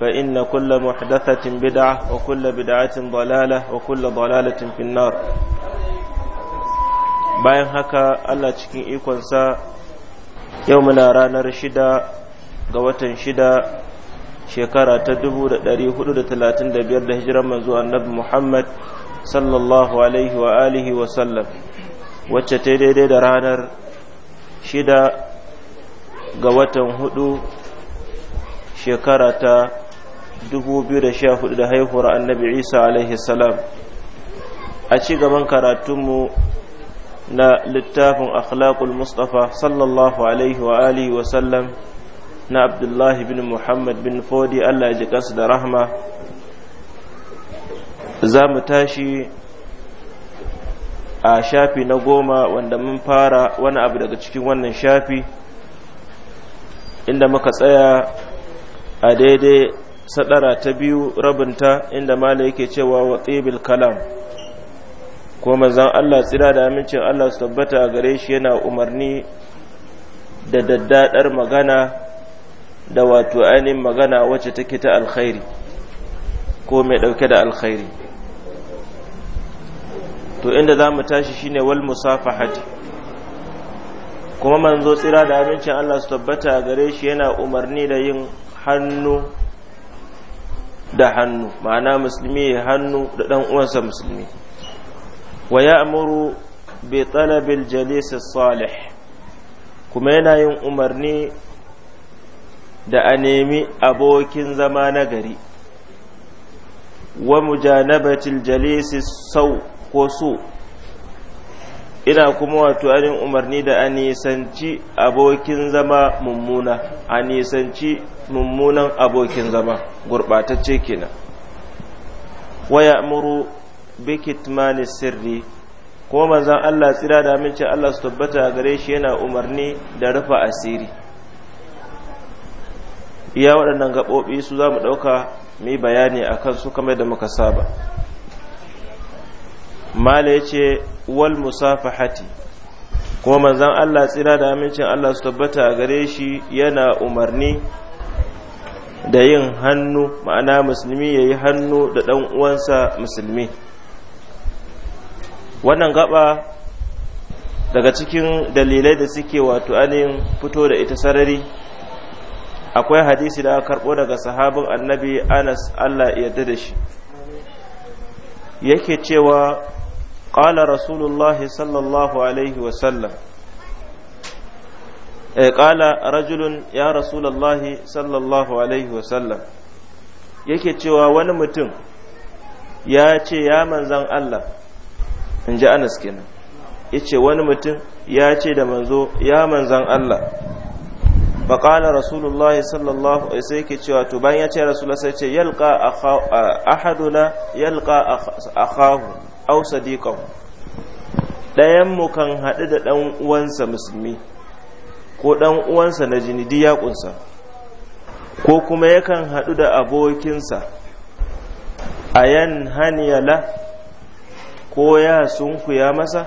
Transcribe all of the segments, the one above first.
فإن كل محدثة بدعة وكل بدعة ضلالة وكل ضلالة في النار bayan haka Allah cikin ikonsa yau muna ranar shida ga watan shida shekara ta 435 da hijiran manzo annabi Muhammad sallallahu alaihi wa alihi wa sallam wacce ta daidai da ranar shida ga watan hudu shekara ta 2014 da haihuwar annabi isa alaihi salam a ci gaban karatunmu na littafin akhlaqul mustafa sallallahu alaihi wa alihi wa sallam na abdullahi bin muhammad bin fodi allah ji kansu da rahma za mu tashi a shafi na goma wanda mun fara wani abu daga cikin wannan shafi inda muka tsaya a daidai sadara ta biyu rabinta inda mala yake cewa wa tsibil kalam ko manzan Allah tsira da amincin Allah su tabbata a gare shi yana umarni da daddadar magana da wato ainihin magana wacce take ta alkhairi ko mai dauke da alkhairi to inda za mu tashi shi ne wal musafahati kuma manzo tsira da amincin Allah su tabbata a gare shi yana umarni da yin hannu da hannu ma'ana musulmi ya hannu da ɗan uwansa musulmi wa ya amuru bi talabil jalisi salih kuma yana yin umarni da a nemi abokin zama nagari gari wa mujanabatil jalisi sau ko so ina kuma wato ainihin umarni da a nisanci abokin zama mummuna a nisanci mummunan abokin zama gurɓatacce kenan waya muru bikitmani sirri kuma manzan Allah tsira da mince Allah su tabbata gare shi yana umarni da rufa asiri iya waɗannan gaɓoɓi su za mu ɗauka mai bayani a kansu kamar da muka saba mala ya ce wal musafahati kuma manzan Allah tsira da amincin Allah su tabbata a gare shi yana umarni da yin hannu ma'ana musulmi ya yi hannu da ɗan uwansa musulmi wannan gaba daga cikin dalilai da suke wato anin fito da ita sarari akwai hadisi da aka karɓo daga sahabin annabi anas Allah yarda da shi yake cewa قال رسول الله صلى الله عليه وسلم قال رجل يا رسول الله صلى الله عليه وسلم yake cewa wani mutum ya ce ya manzan Allah in ji Anas kenan ya ce wani mutum ya ce da manzo ya manzan Allah faƙala rasulullahi sallallahu alaihi sai yake cewa to bayan ya ce rasulullahi sai ce yalqa ahaduna yalqa akhahu aw sadiqahu ɗayan mu kan haɗu da ɗan uwansa musulmi ko ɗan uwansa na jini diyakunsa ko kuma yakan haɗu da abokinsa a yan haniyala ko ya sunkuya masa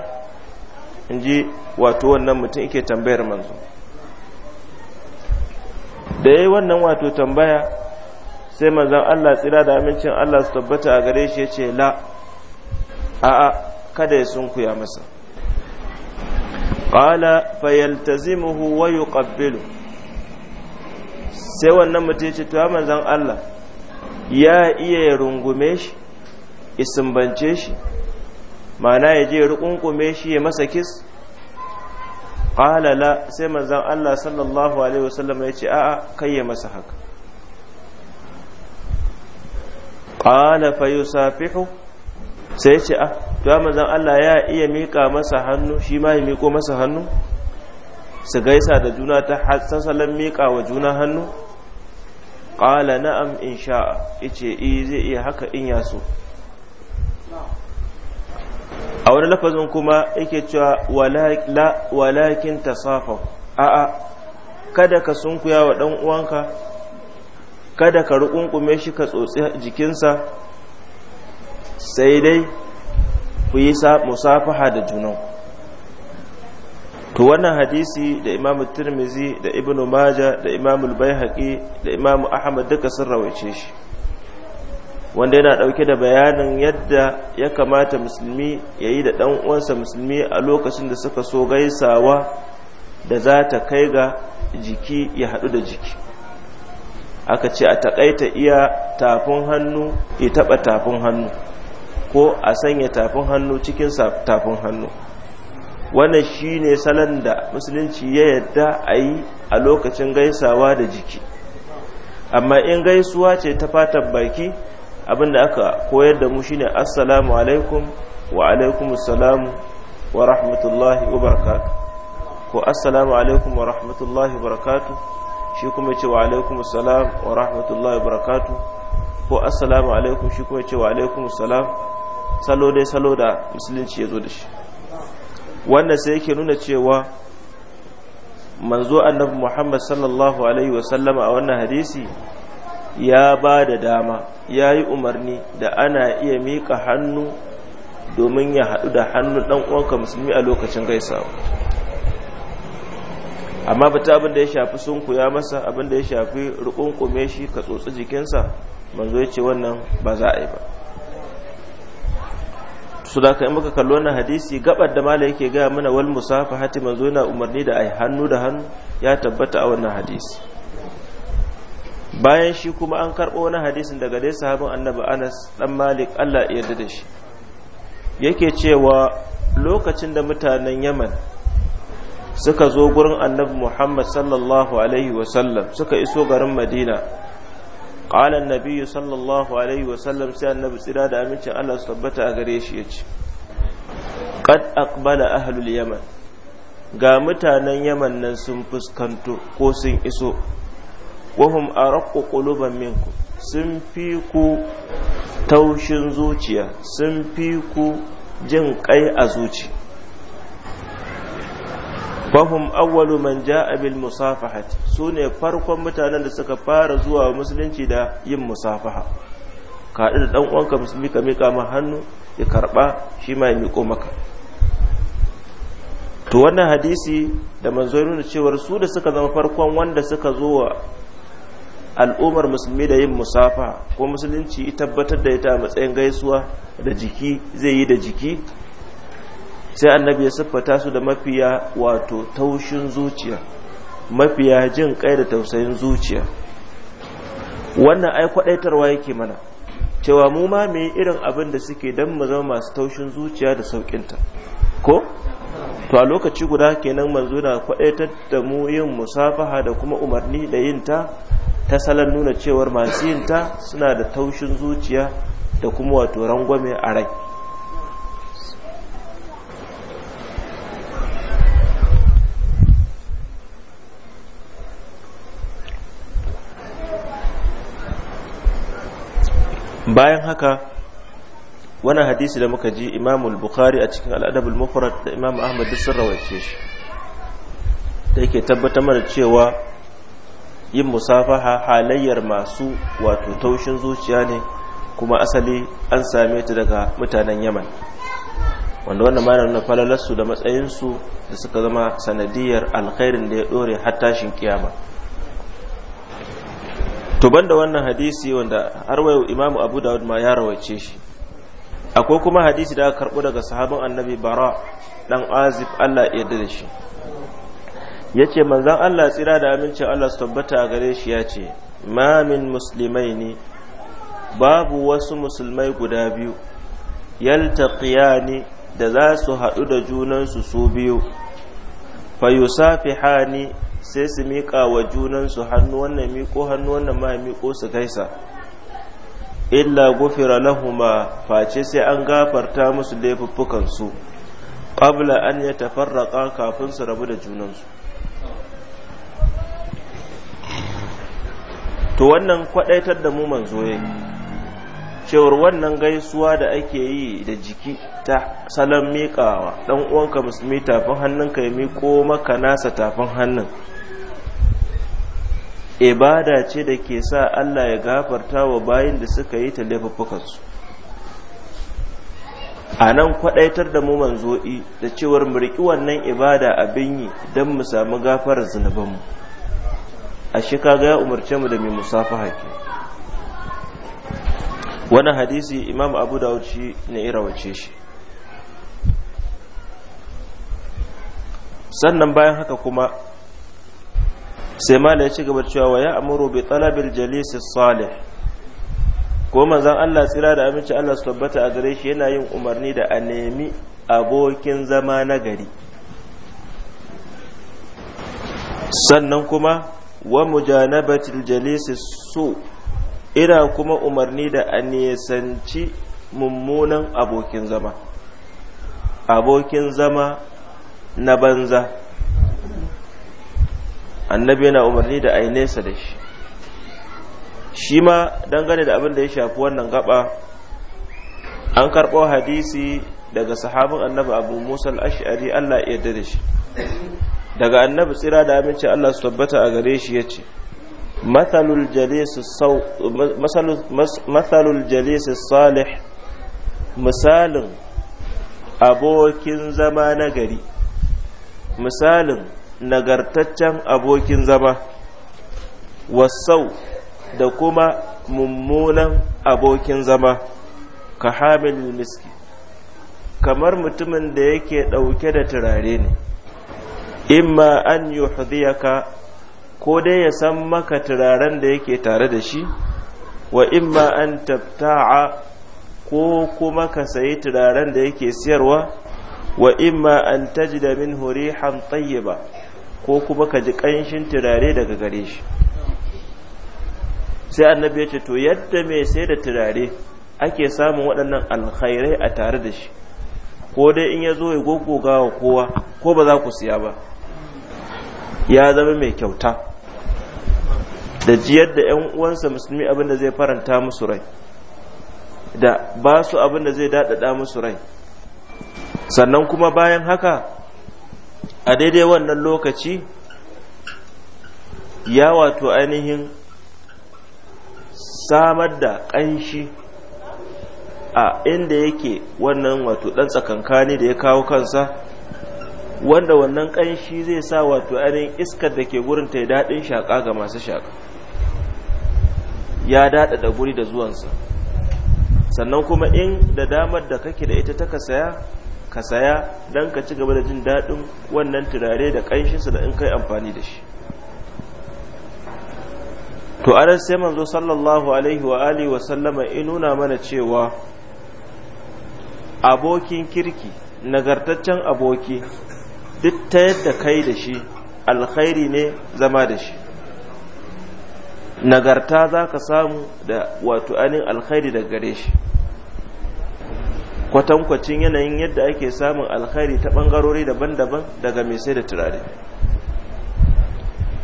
in ji wato wannan mutum yake tambayar manzo da ya yi wannan wato tambaya sai manzan Allah tsira da amincin Allah su tabbata a gare shi ya ce la a'a kada ya sunkuya masa qala fayaltazimuhu wa yuqabbilu sai wannan mutum ya ce to manzon Allah ya iya ya rungume shi isimbance shi mana ya je ya rukunkume shi ya masa kis qala la sai manzon Allah sallallahu alaihi wasallam ya ce a'a kai ya masa haka qala fayusafihu sai ce a ah, to manzan Allah ya iya miƙa masa hannu shi ma ya miko masa hannu su gaisa da juna ta salon miƙa wa juna hannu ƙala na'am in sha'a ice i e, zai iya haka in yaso a wani lafazin kuma yake cewa walakin tasafa a'a kada ka sunkuya wa ɗan uwanka kada ka rukunkume shi ka tsotsi jikinsa sai dai ku yi musafaha da junan to wannan hadisi da imamu tirmizi da ibnu maja da imamu baihaqi da imamu ahmad duka sun rawaice shi wanda yana dauke da bayanin yadda ya kamata musulmi ya yi da dan uwansa musulmi a lokacin da suka so gaisawa da za ta kai ga jiki ya haɗu da jiki aka ce a takaita iya tafin hannu ya taɓa tafin hannu ko a sanya tafin hannu cikin tafin hannu wannan shine salon da musulunci ya yadda a yi a lokacin gaisawa da jiki amma in gaisuwa ce ta fatan baki abinda aka koyar da mu shine assalamu alaikum wa assalamu wa rahmatullahi wa barakatu ko assalamu alaikum wa rahmatullahi wa barakatu shi kuma ce wa assalamu wa rahmatullahi wa barakatu ko assalamu alaikum shi kuma ce wa assalamu salo dai salo da musulunci ya zo da shi wannan sai yake nuna cewa manzo annabi muhammad sallallahu alaihi wasallama a wannan hadisi ya ba da dama ya yi umarni da ana iya mika hannu domin ya haɗu da hannun ɗan uwanka musulmi a lokacin gaisawa amma bata abin da ya shafi sunku ya masa abin da ya shafi rukunkume shi ka tsotsi jikinsa manzo ya ce wannan ba za a yi ba su da yi muka kalli wannan hadisi gabar da mala yake gaya mana wal musafa hati manzo yana umarni da ai hannu da hannu ya tabbata a wannan hadisi bayan shi kuma an karɓo wani hadisin daga dai sahabin annabi anas dan malik allah ya yarda da shi yake cewa lokacin da mutanen yaman suka zo gurin annabi muhammad sallallahu alaihi wasallam suka iso garin madina قال النبي صلى الله tsira da سأل النبي سيرا a gare shi سبتا أغريش يتش قد أقبل أهل اليمن ga mutanen yaman nan sun fuskanto ko sun iso wahum a raƙo ƙuluban minku sun fi ku taushin zuciya sun fi ku jin ƙai a zuci fahim awwalu man ja'a bil musafahati sune farkon mutanen da suka fara zuwa musulunci da yin musafaha ka haɗu da ɗan uwanka musulmi ka mika ma hannu ya karɓa shi ma ya miko maka to wannan hadisi da manzo ya nuna cewar su da suka zama farkon wanda suka zo wa al'ummar musulmi da yin musafaha ko musulunci tabbatar da ita a matsayin gaisuwa da jiki zai yi da jiki sai annabi ya siffata su da mafiya wato taushin zuciya mafiya jin kai da tausayin zuciya wannan ai kwadaitarwa yake mana cewa mu ma me irin abin da suke dan mu zama masu taushin zuciya da ta ko to a lokaci guda kenan manzo na kwadaitar da mu yin musafaha da kuma umarni da yin ta ta salon nuna cewar masu yin ta suna da taushin zuciya da kuma wato rangwame a rai bayan haka wani hadisi da muka ji imamul bukhari a cikin al'adabul mufrad da imam ahmad duk sun rawace shi da yake tabbatar mana cewa yin musafaha halayyar masu wato taushin zuciya ne kuma asali an same ta daga mutanen yaman wanda wannan ma na falalarsu da matsayinsu da suka zama sanadiyar alkhairin da ya dore har tashin kiyama to banda wannan hadisi wanda har wayo imamu abu dawud ma ya rawace shi akwai kuma hadisi da aka karbo daga sahabin annabi bara dan azib Allah ya yarda da shi yace manzan Allah tsira da amincin Allah su tabbata a gare shi yace ma min ne babu wasu musulmai guda biyu yaltaqiyani da za su haɗu da junansu su biyu fayusafihani sai su miƙa wa junansu hannu wannan miƙo hannu wannan ma miƙo su gaisa illa gufira lahuma face sai an gafarta musu laifuffukansu qabla an ya tafarraqa kafin su rabu da junansu to wannan kwadaitar da mu manzo yayi cewar wannan gaisuwa da ake yi da jiki ta salon miƙawa ɗan uwanka musulmi tafin ka ya miƙo maka nasa tafin hannun ibada ce da ke sa Allah ya gafarta wa bayan da suka yi ta laifuffukansu a nan kwaɗaitar da mu manzo'i da cewar mu riƙi wannan ibada abin yi don mu sami gafarar zunubanmu a shi kaga ya umarce mu da mai musafa haƙi wani hadisi imam abu dawud shi ne irawace shi sannan bayan haka kuma sai mala ya ci gaba cewa wa ya amuru bi talabil jalisi salih ko manzon Allah tsira da aminci Allah su tabbata a gare shi yana yin umarni da a nemi abokin zama na gari sannan kuma wa mujanabatil jalisi su ina kuma umarni da a nisanci mummunan abokin zama abokin zama na banza annabi yana umarni da a yi nesa da shi shi ma dangane da abin da ya shafi wannan gaba an karɓo hadisi daga sahabin annabi abu musa al'ashari allah ya da shi daga annabi tsira da amince allah su tabbata a gare shi ya ce مثل jalisi salih misalin abokin zama na gari misalin nagartaccen abokin zama wasau da kuma mummunan abokin zama ka hamilul miski kamar mutumin da yake ɗauke da turare ne imma an yi ko dai ya san maka turaren da yake tare da shi wa imma an tabta'a ko kuma ka sayi turaren da yake siyarwa wa imma an tajida min rihan tayyiba ko kuma ka ji ƙanshin turare daga gare shi sai annabi ya ce to yadda mai sai da turare ake samun waɗannan alkhairai a tare da shi ko dai in ya zo ya goggoga wa kowa ko ba za ku siya ba ya zama mai kyauta da jiyar da 'yan uwansa musulmi abin zai faranta musu rai da ba su abin zai daɗaɗa musu rai sannan kuma bayan haka a daidai wannan lokaci ya wato ainihin samar da ƙanshi a inda yake wannan wato ɗan tsakankani da ya kawo kansa wanda wannan ƙanshi zai sa wato ainihin iskar da ke gurin ta yi daɗin shaƙa ga masu shaƙa ya daɗa da guri da zuwansa sannan kuma in da damar da kake da ita ta ka saya ka saya don ka ci gaba da jin daɗin wannan turare da ƙanshinsa da in kai amfani da shi to a sai manzo sallallahu alaihi wa alihi wa sallama in nuna mana cewa abokin kirki nagartaccen aboki duk ta yadda kai da shi alkhairi ne zama da shi nagarta za ka samu da wato anin alkhairi da gare shi kwatankwacin yanayin yadda ake samun alkhairi ta bangarori daban-daban daga mai sai da turare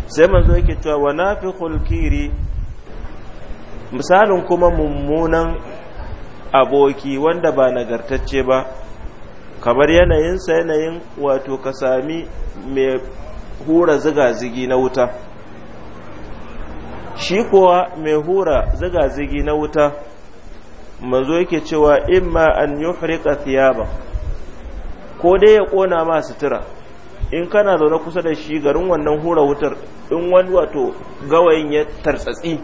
sai manzo yake cewa wa fi kulkiri misalin kuma mummunan aboki wanda ba nagartacce ba kamar yanayinsa yanayin wato ka sami mai hura zigazigi na wuta shi kuwa mai hura zigazigi na wuta manzo yake cewa imma an yuhrika thiyaba ko dai ya kona ma sutura in kana zaune kusa da shi garin wannan hura wutar in wani wato gawayin ya tartsatsi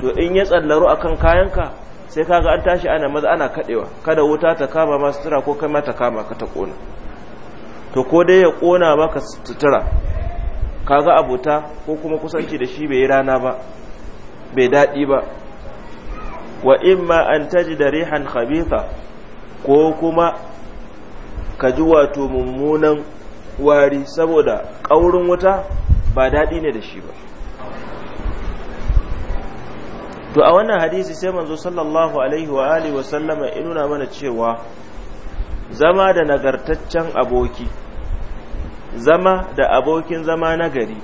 to in ya tsallaro akan kayanka sai kaga an tashi ana maza ana kadewa kada wuta ta kama ma sutura ko kai ma ta kama ka ta kona to ko dai ya kona maka sutura kaga abota ko kuma kusanci da shi bai rana ba bai dadi ba wa imma an tajida rihan khabitha ko kuma ka ji wato mummunan wari saboda kaurin wuta ba dadi ne da shi ba to a wannan hadisi sai manzo sallallahu alaihi wa alihi wa sallama ya nuna mana cewa zama da nagartaccen aboki zama da abokin zama nagari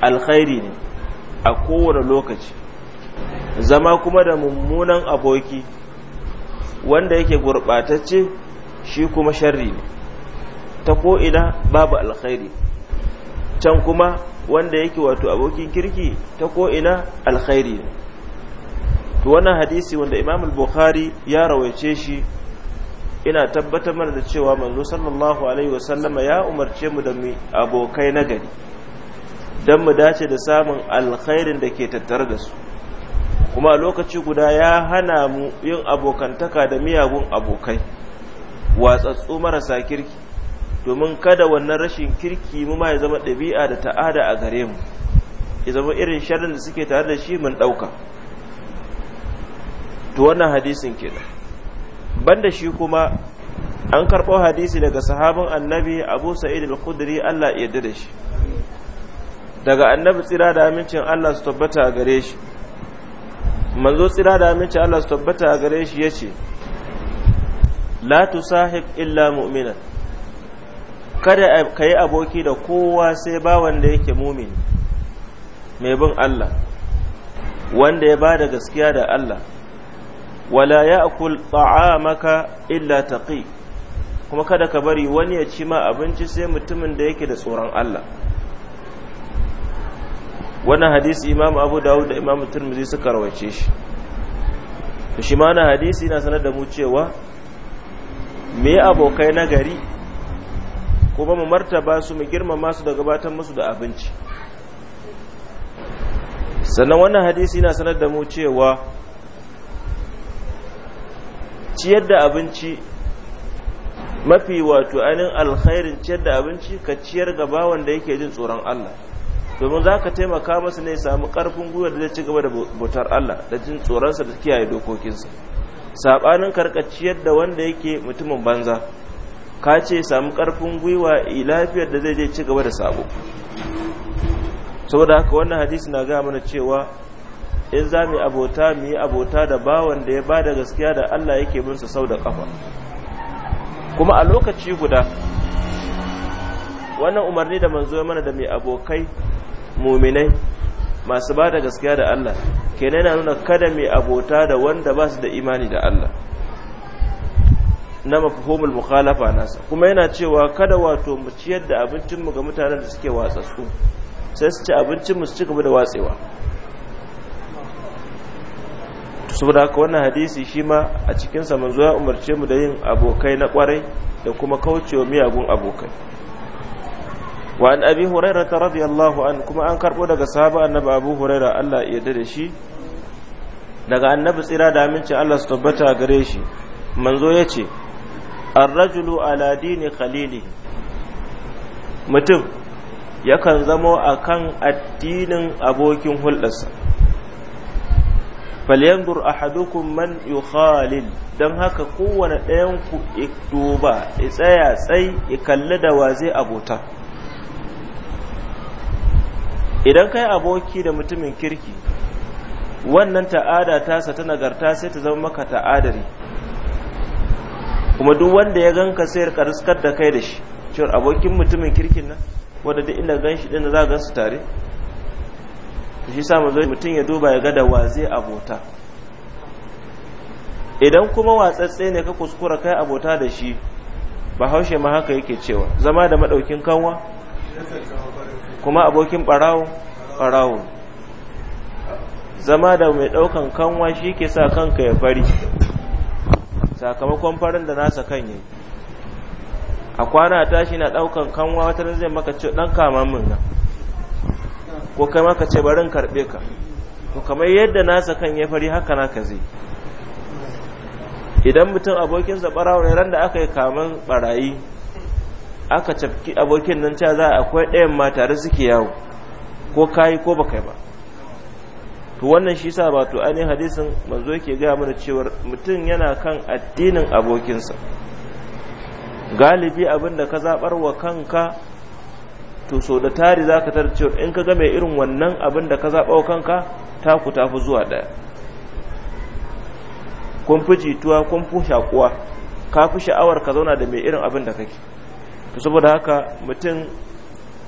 alkhairi ne a kowane lokaci zama kuma da mummunan aboki wanda yake gurɓatacce shi kuma sharri ne ta ko ina babu alkhairi can kuma wanda yake wato abokin kirki ta ko ina alkhairi ne to wannan hadisi wanda Imam al-Bukhari ya rawaice shi ina tabbatar mana da cewa manzo sallallahu alaihi wasallama ya umarce mu da mu abokai na gari dan mu dace da samun alkhairin da ke tattare da su kuma a lokaci guda ya hana mu yin abokantaka da miyagun abokai watsatsu marasa kirki domin kada wannan rashin kirki mu ma ya zama ɗabi'a da ta'ada a gare mu ya zama irin sharrin da suke tare da shi mun ɗauka to wannan hadisin kenan banda shi kuma an karɓo hadisi daga sahabin annabi abu sa'id al-khudri Allah ya yarda da shi daga annabi tsira da amincin Allah su tabbata a gare shi manzo tsira da amincin Allah su tabbata a gare shi yace la tusahib illa mu'minan kada ka yi aboki da kowa sai bawan da yake mumini mai bin Allah wanda ya ba da gaskiya da Allah wala ya akul ta'amaka illa taqi kuma kada ka bari wani ya ci ma abinci sai mutumin da yake da tsoron Allah wannan hadisi imam abu dawud da imamu turmizi suka rawace shi shi ma na hadisi na sanar da mu cewa me abokai na gari kuma mu martaba su mu girmama su da gabatar musu da abinci sannan wannan hadisi yana sanar da mu cewa ciyar da abinci mafi wato ainihin alkhairin ciyar da abinci ka ciyar ga wanda da yake jin tsoron Allah domin za ka taimaka masa ne samu karfin gwiwa da zai ci gaba da bautar Allah da jin tsoronsa da kiyaye dokokinsa saɓanin karkaciyar da wanda yake mutumin banza ka ce samu karfin gwiwa eh, lafiyar da zai je ci gaba da sabo saboda haka wannan hadisi na gaya mana cewa in za mu abota mu yi abota da bawan da ya ba da gaskiya da Allah yake bin sa sau da kafa kuma a lokaci guda wannan umarni da manzo ya mana da mai abokai muminai masu ba da gaskiya da Allah kenan yana nuna kada mai abota da wanda ba su da imani da Allah na mafhumul mukhalafa nasa kuma yana cewa kada wato mu ciyar da abincin mu ga mutanen da suke watsassu sai su ci abincin mu su ci gaba da watsewa saboda ka wannan hadisi shi ma a cikin sa manzo ya umarce mu da yin abokai na kwarai da kuma kaucewa miyagun abokai wa an abi hurairah radiyallahu an kuma an karbo daga sahaba annabi abu hurairah Allah ya yarda da shi daga annabi tsira da aminci Allah su tabbata gare shi manzo ya ce arrajulu ala dini khalilihi mutum yakan zamo kan addinin abokin hulɗarsa falyanzur ahadukum man yukhalil don haka kowane ɗayan ku duba i tsaya tsai i kalli da wa zai abota idan kayi aboki da mutumin kirki wannan ta'ada tasa ta nagarta sai ta zama maka ta'adari kuma duk wanda ya ka sai ka riskar da kai da shi cewar abokin mutumin kirkin nan wanda duk inda gan shi din za ga su tare shi sa mazo mutum ya duba ya ga da waze abota idan kuma watsatse ne ka kuskura kai abota da shi ba haushe ma haka yake cewa zama da madaukin kanwa kuma abokin barawo barawo zama da mai daukan kanwa shi ke sa kanka ya fari sakamakon farin da nasa kan yi a kwana tashi na ɗaukan kanwa wata zai maka ce ɗan kamar min ko kai maka ce barin karɓe ka to kamar yadda nasa kan ya fari haka naka zai idan mutum abokinsa ɓarawo ran da aka yi kaman ɓarayi aka cafki abokin nan cewa za akwai ɗayan ma tare suke yawo ko kayi ko ba kai ba to wannan shi sa wato ainihin hadisin manzo yake gaya mana cewar mutum yana kan addinin abokinsa galibi abin da ka zaɓar wa kanka to so da tari za ka tarcewar in ka ga mai irin wannan abin da ka zaɓa wa kanka ku tafi zuwa ɗaya kun fi jituwa kun fi shakuwa ka fi sha'awar ka zauna da mai irin abin da kake to saboda haka mutum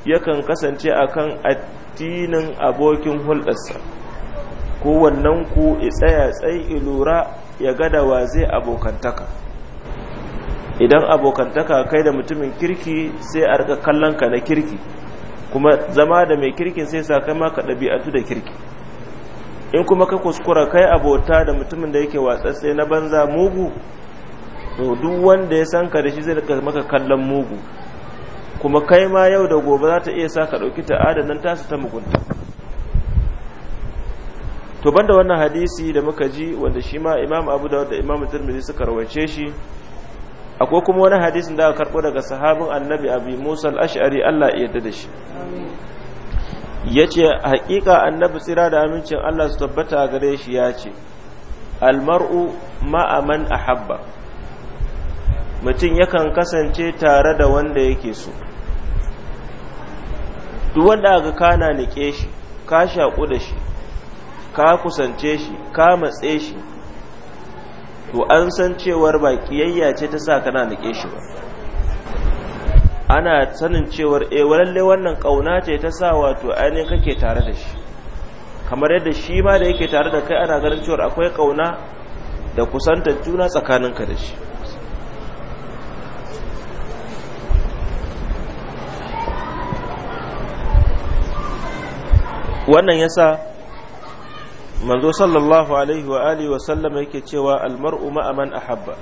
yakan kasance akan addinin abokin hulɗarsa Ko wannan ku ya tsaya tsayi lura ya gada wa zai abokantaka idan abokantaka kai da mutumin kirki sai a rika kallon ka na kirki kuma zama da mai kirki sai sa kai maka ɗabi'atu da kirki in kuma ka kuskura kai abota da mutumin da yake sai na banza mugu to duk wanda ya san ka da shi zai maka kallon mugu kuma kai ma yau da gobe za ta iya sa ka ɗauki ta'ada nan tasu ta mugunta to banda wannan hadisi da muka ji wanda shi ma imam abu da da imam turmizi suka rawace shi akwai kuma wani hadisi da aka karɓo daga sahabin annabi abu musa al'ashari Allah iya yarda da shi yace haƙiƙa annabi tsira da amincin Allah su tabbata gare shi ya yace almar'u ma'aman a habba mutum yakan kasance tare da wanda yake so duk wanda aka kana nike shi ka shaƙu da shi ka kusance shi ka matse shi to an san cewar ba kiyayya ce ta sa kana nike shi ba ana sanin cewar e eh, walalle wannan kauna ce ta sa wato ainihin kake tare da shi kamar yadda shi ma da yake tare da kai ana ganin cewar akwai kauna da kusantar juna tsakaninka da shi wannan yasa manzo sallallahu alaihi wa alihi wa sallama yake cewa almar'u ma man ahabba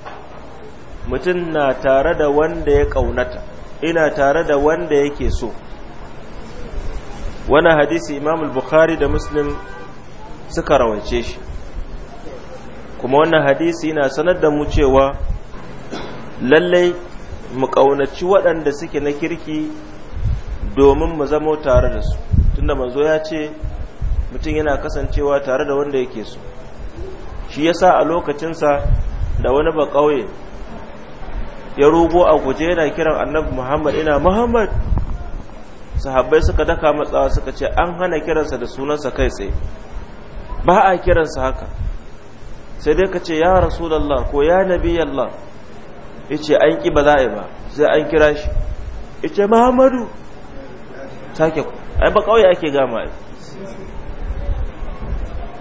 mutum na tare da wanda ya kaunata ina tare da wanda yake so wani hadisi imam al-bukhari da muslim suka rawance shi kuma wannan hadisi yana sanar da mu cewa lallai mu kaunaci waɗanda suke na kirki domin mu zama tare da su tunda manzo ya ce mutum yana kasancewa tare da wanda yake so shi yasa a lokacinsa da wani ba ƙauye ya rugo a guje yana kiran annabi muhammad ina muhammad sahabbai suka daka matsawa suka ce an hana kiransa da sunansa kai tsaye ba a kiransa haka sai dai ka ce ya rasulallah ko ya nabi yallah ya ce an ƙi ba za a yi ba sai an kira shi ya ce muhammadu sake ku ai ba ƙauye ake gama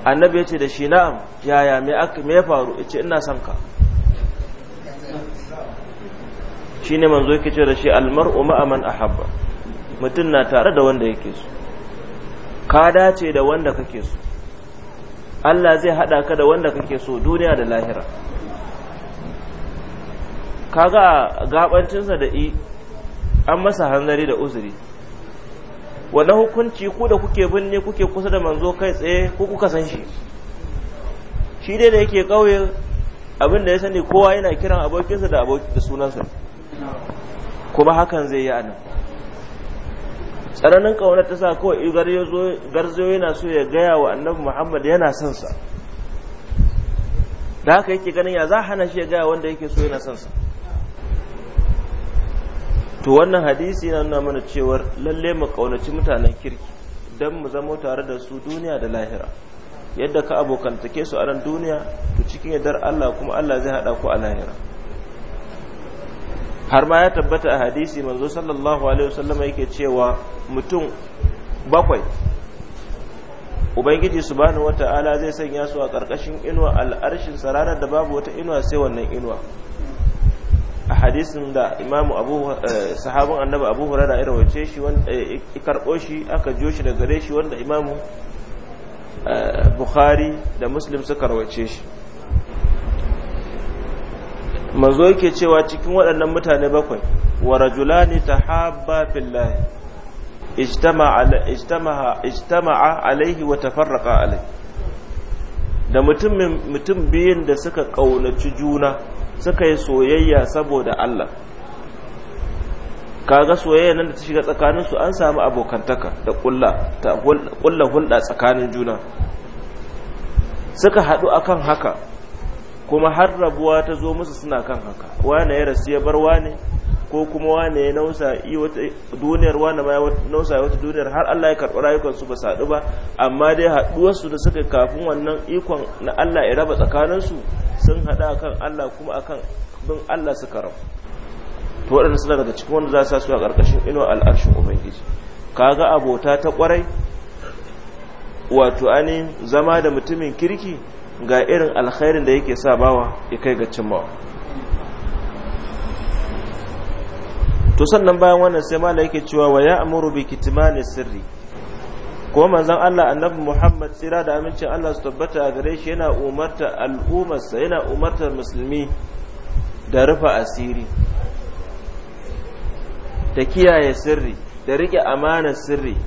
annabi ya ce da shi na'am yaya me ya faru ya ce ina son ka shi ne manzo yake ce da shi almar'u ma'aman ahabba mutum na tare da wanda yake su ka dace da wanda kake su Allah zai haɗa ka da wanda kake so duniya da lahira kaga gabancinsa da i an masa hanzari da uzuri wannan hukunci ku da kuke binne kuke kusa da manzo kai tsaye ko kuka san shi shi dai da yake kauye abin da ya sani kowa yana kiran abokinsa da abokin da sunansa kuma hakan zai yi anan tsananin kaunar ta sa kawai garzo yana so ya gaya wa annabi muhammad yana son sa da haka yake ganin ya za hana shi ya gaya wanda yake so yana son sa to wannan hadisi yana nuna mana cewar lalle mu kaunaci mutanen kirki dan mu zama tare da su duniya da lahira yadda ka abokantake su a ran duniya to cikin yardar Allah kuma Allah zai hada ku a lahira har ma ya tabbata a hadisi manzo sallallahu alaihi wasallam yake cewa mutum bakwai ubangiji subhanahu wata'ala zai sanya su a karkashin inuwa al'arshin sararar da babu wata inuwa sai wannan inuwa a hadisin da imamu abu eh, sahabin annabi abu hurara ya rawace shi wanda eh, ya karbo shi aka jiyo shi daga gare shi wanda imamu eh, bukhari da muslim suka rawace shi mazo yake cewa cikin waɗannan mutane bakwai wa ta tahabba fillahi ijtama'a alaihi wa tafarraqa alaihi da mutum biyun da suka kaunaci juna suka yi soyayya saboda Allah ka ga soyayya nan da ta shiga tsakanin su an samu abokantaka da kulla ta kulla hulɗa tsakanin juna suka haɗu akan haka kuma har rabuwa ta zo musu suna kan haka wane ya rasu ya bar wane ko kuma wane ya nausa yi wata duniyar wane ma ya nausa yi wata duniyar har Allah ya karɓi rayukansu ba saɗu ba amma dai haɗuwarsu da suka kafin wannan ikon na Allah ya raba tsakaninsu sun haɗa kan Allah kuma akan bin Allah su rabu to waɗanda suna daga cikin wanda za su su a ƙarƙashin ino al'arshin ubangiji kaga abota ta ƙwarai wato ani zama da mutumin kirki ga irin alkhairin da yake sa bawa ya kai ga cimmawa to sannan bayan wannan sai mala yake cewa wa ya amuru bi kitmani sirri ko manzon Allah annabi Muhammad sira da amincin Allah su tabbata gare shi yana umarta al'ummarsa yana umartar musulmi da rufa asiri da kiyaye sirri da rike amanar sirri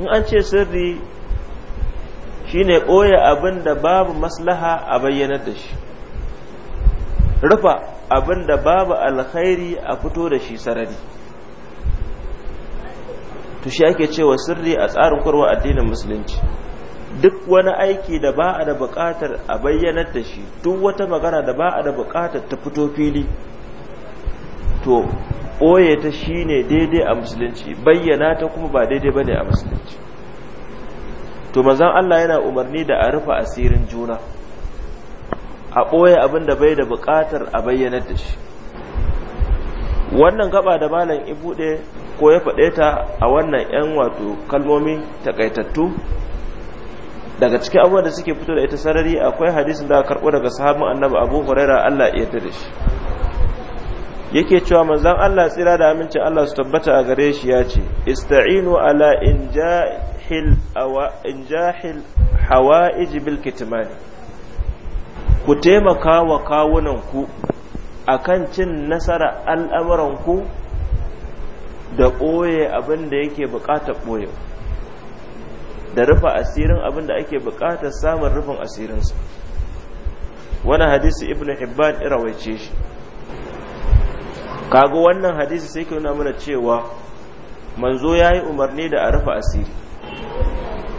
in an ce sirri shine ɓoye abin da babu maslaha a bayyanar da shi rufa abin da babu alkhairi a fito da shi sarari to shi ake cewa sirri a tsarin kurwa addinin musulunci duk wani aiki da ba a da buƙatar a bayyanar da shi duk wata magana da ba a da buƙatar ta fito fili to ɓoye ta shi ne daidai a musulunci bayyana ta kuma ba daidai ba ne a musulunci to mazan Allah yana umarni da a rufe asirin juna a ɓoye abin da bai da buƙatar a bayyanar da shi wannan gaba da malam ibuɗe ko ya faɗe ta a wannan 'yan wato kalmomi takaitattu daga cikin abubuwan da suke fito da ita sarari akwai hadisin da karɓo daga sahabin annabi abu huraira allah ya da shi yake cewa manzon allah tsira da amincin allah su tabbata a gare shi ya ce ista'inu ala injahil hawa'ij bil kitimani ku taimaka wa kawunanku a kan cin nasara al'amuranku da ɓoye abin da yake buƙatar ɓoye da rufa asirin abin da ake buƙatar samun rufin asirinsa wani hadisi ibn hibban ce shi kago wannan hadisi sai ke nuna mana cewa manzo ya yi umarni da a rufa asiri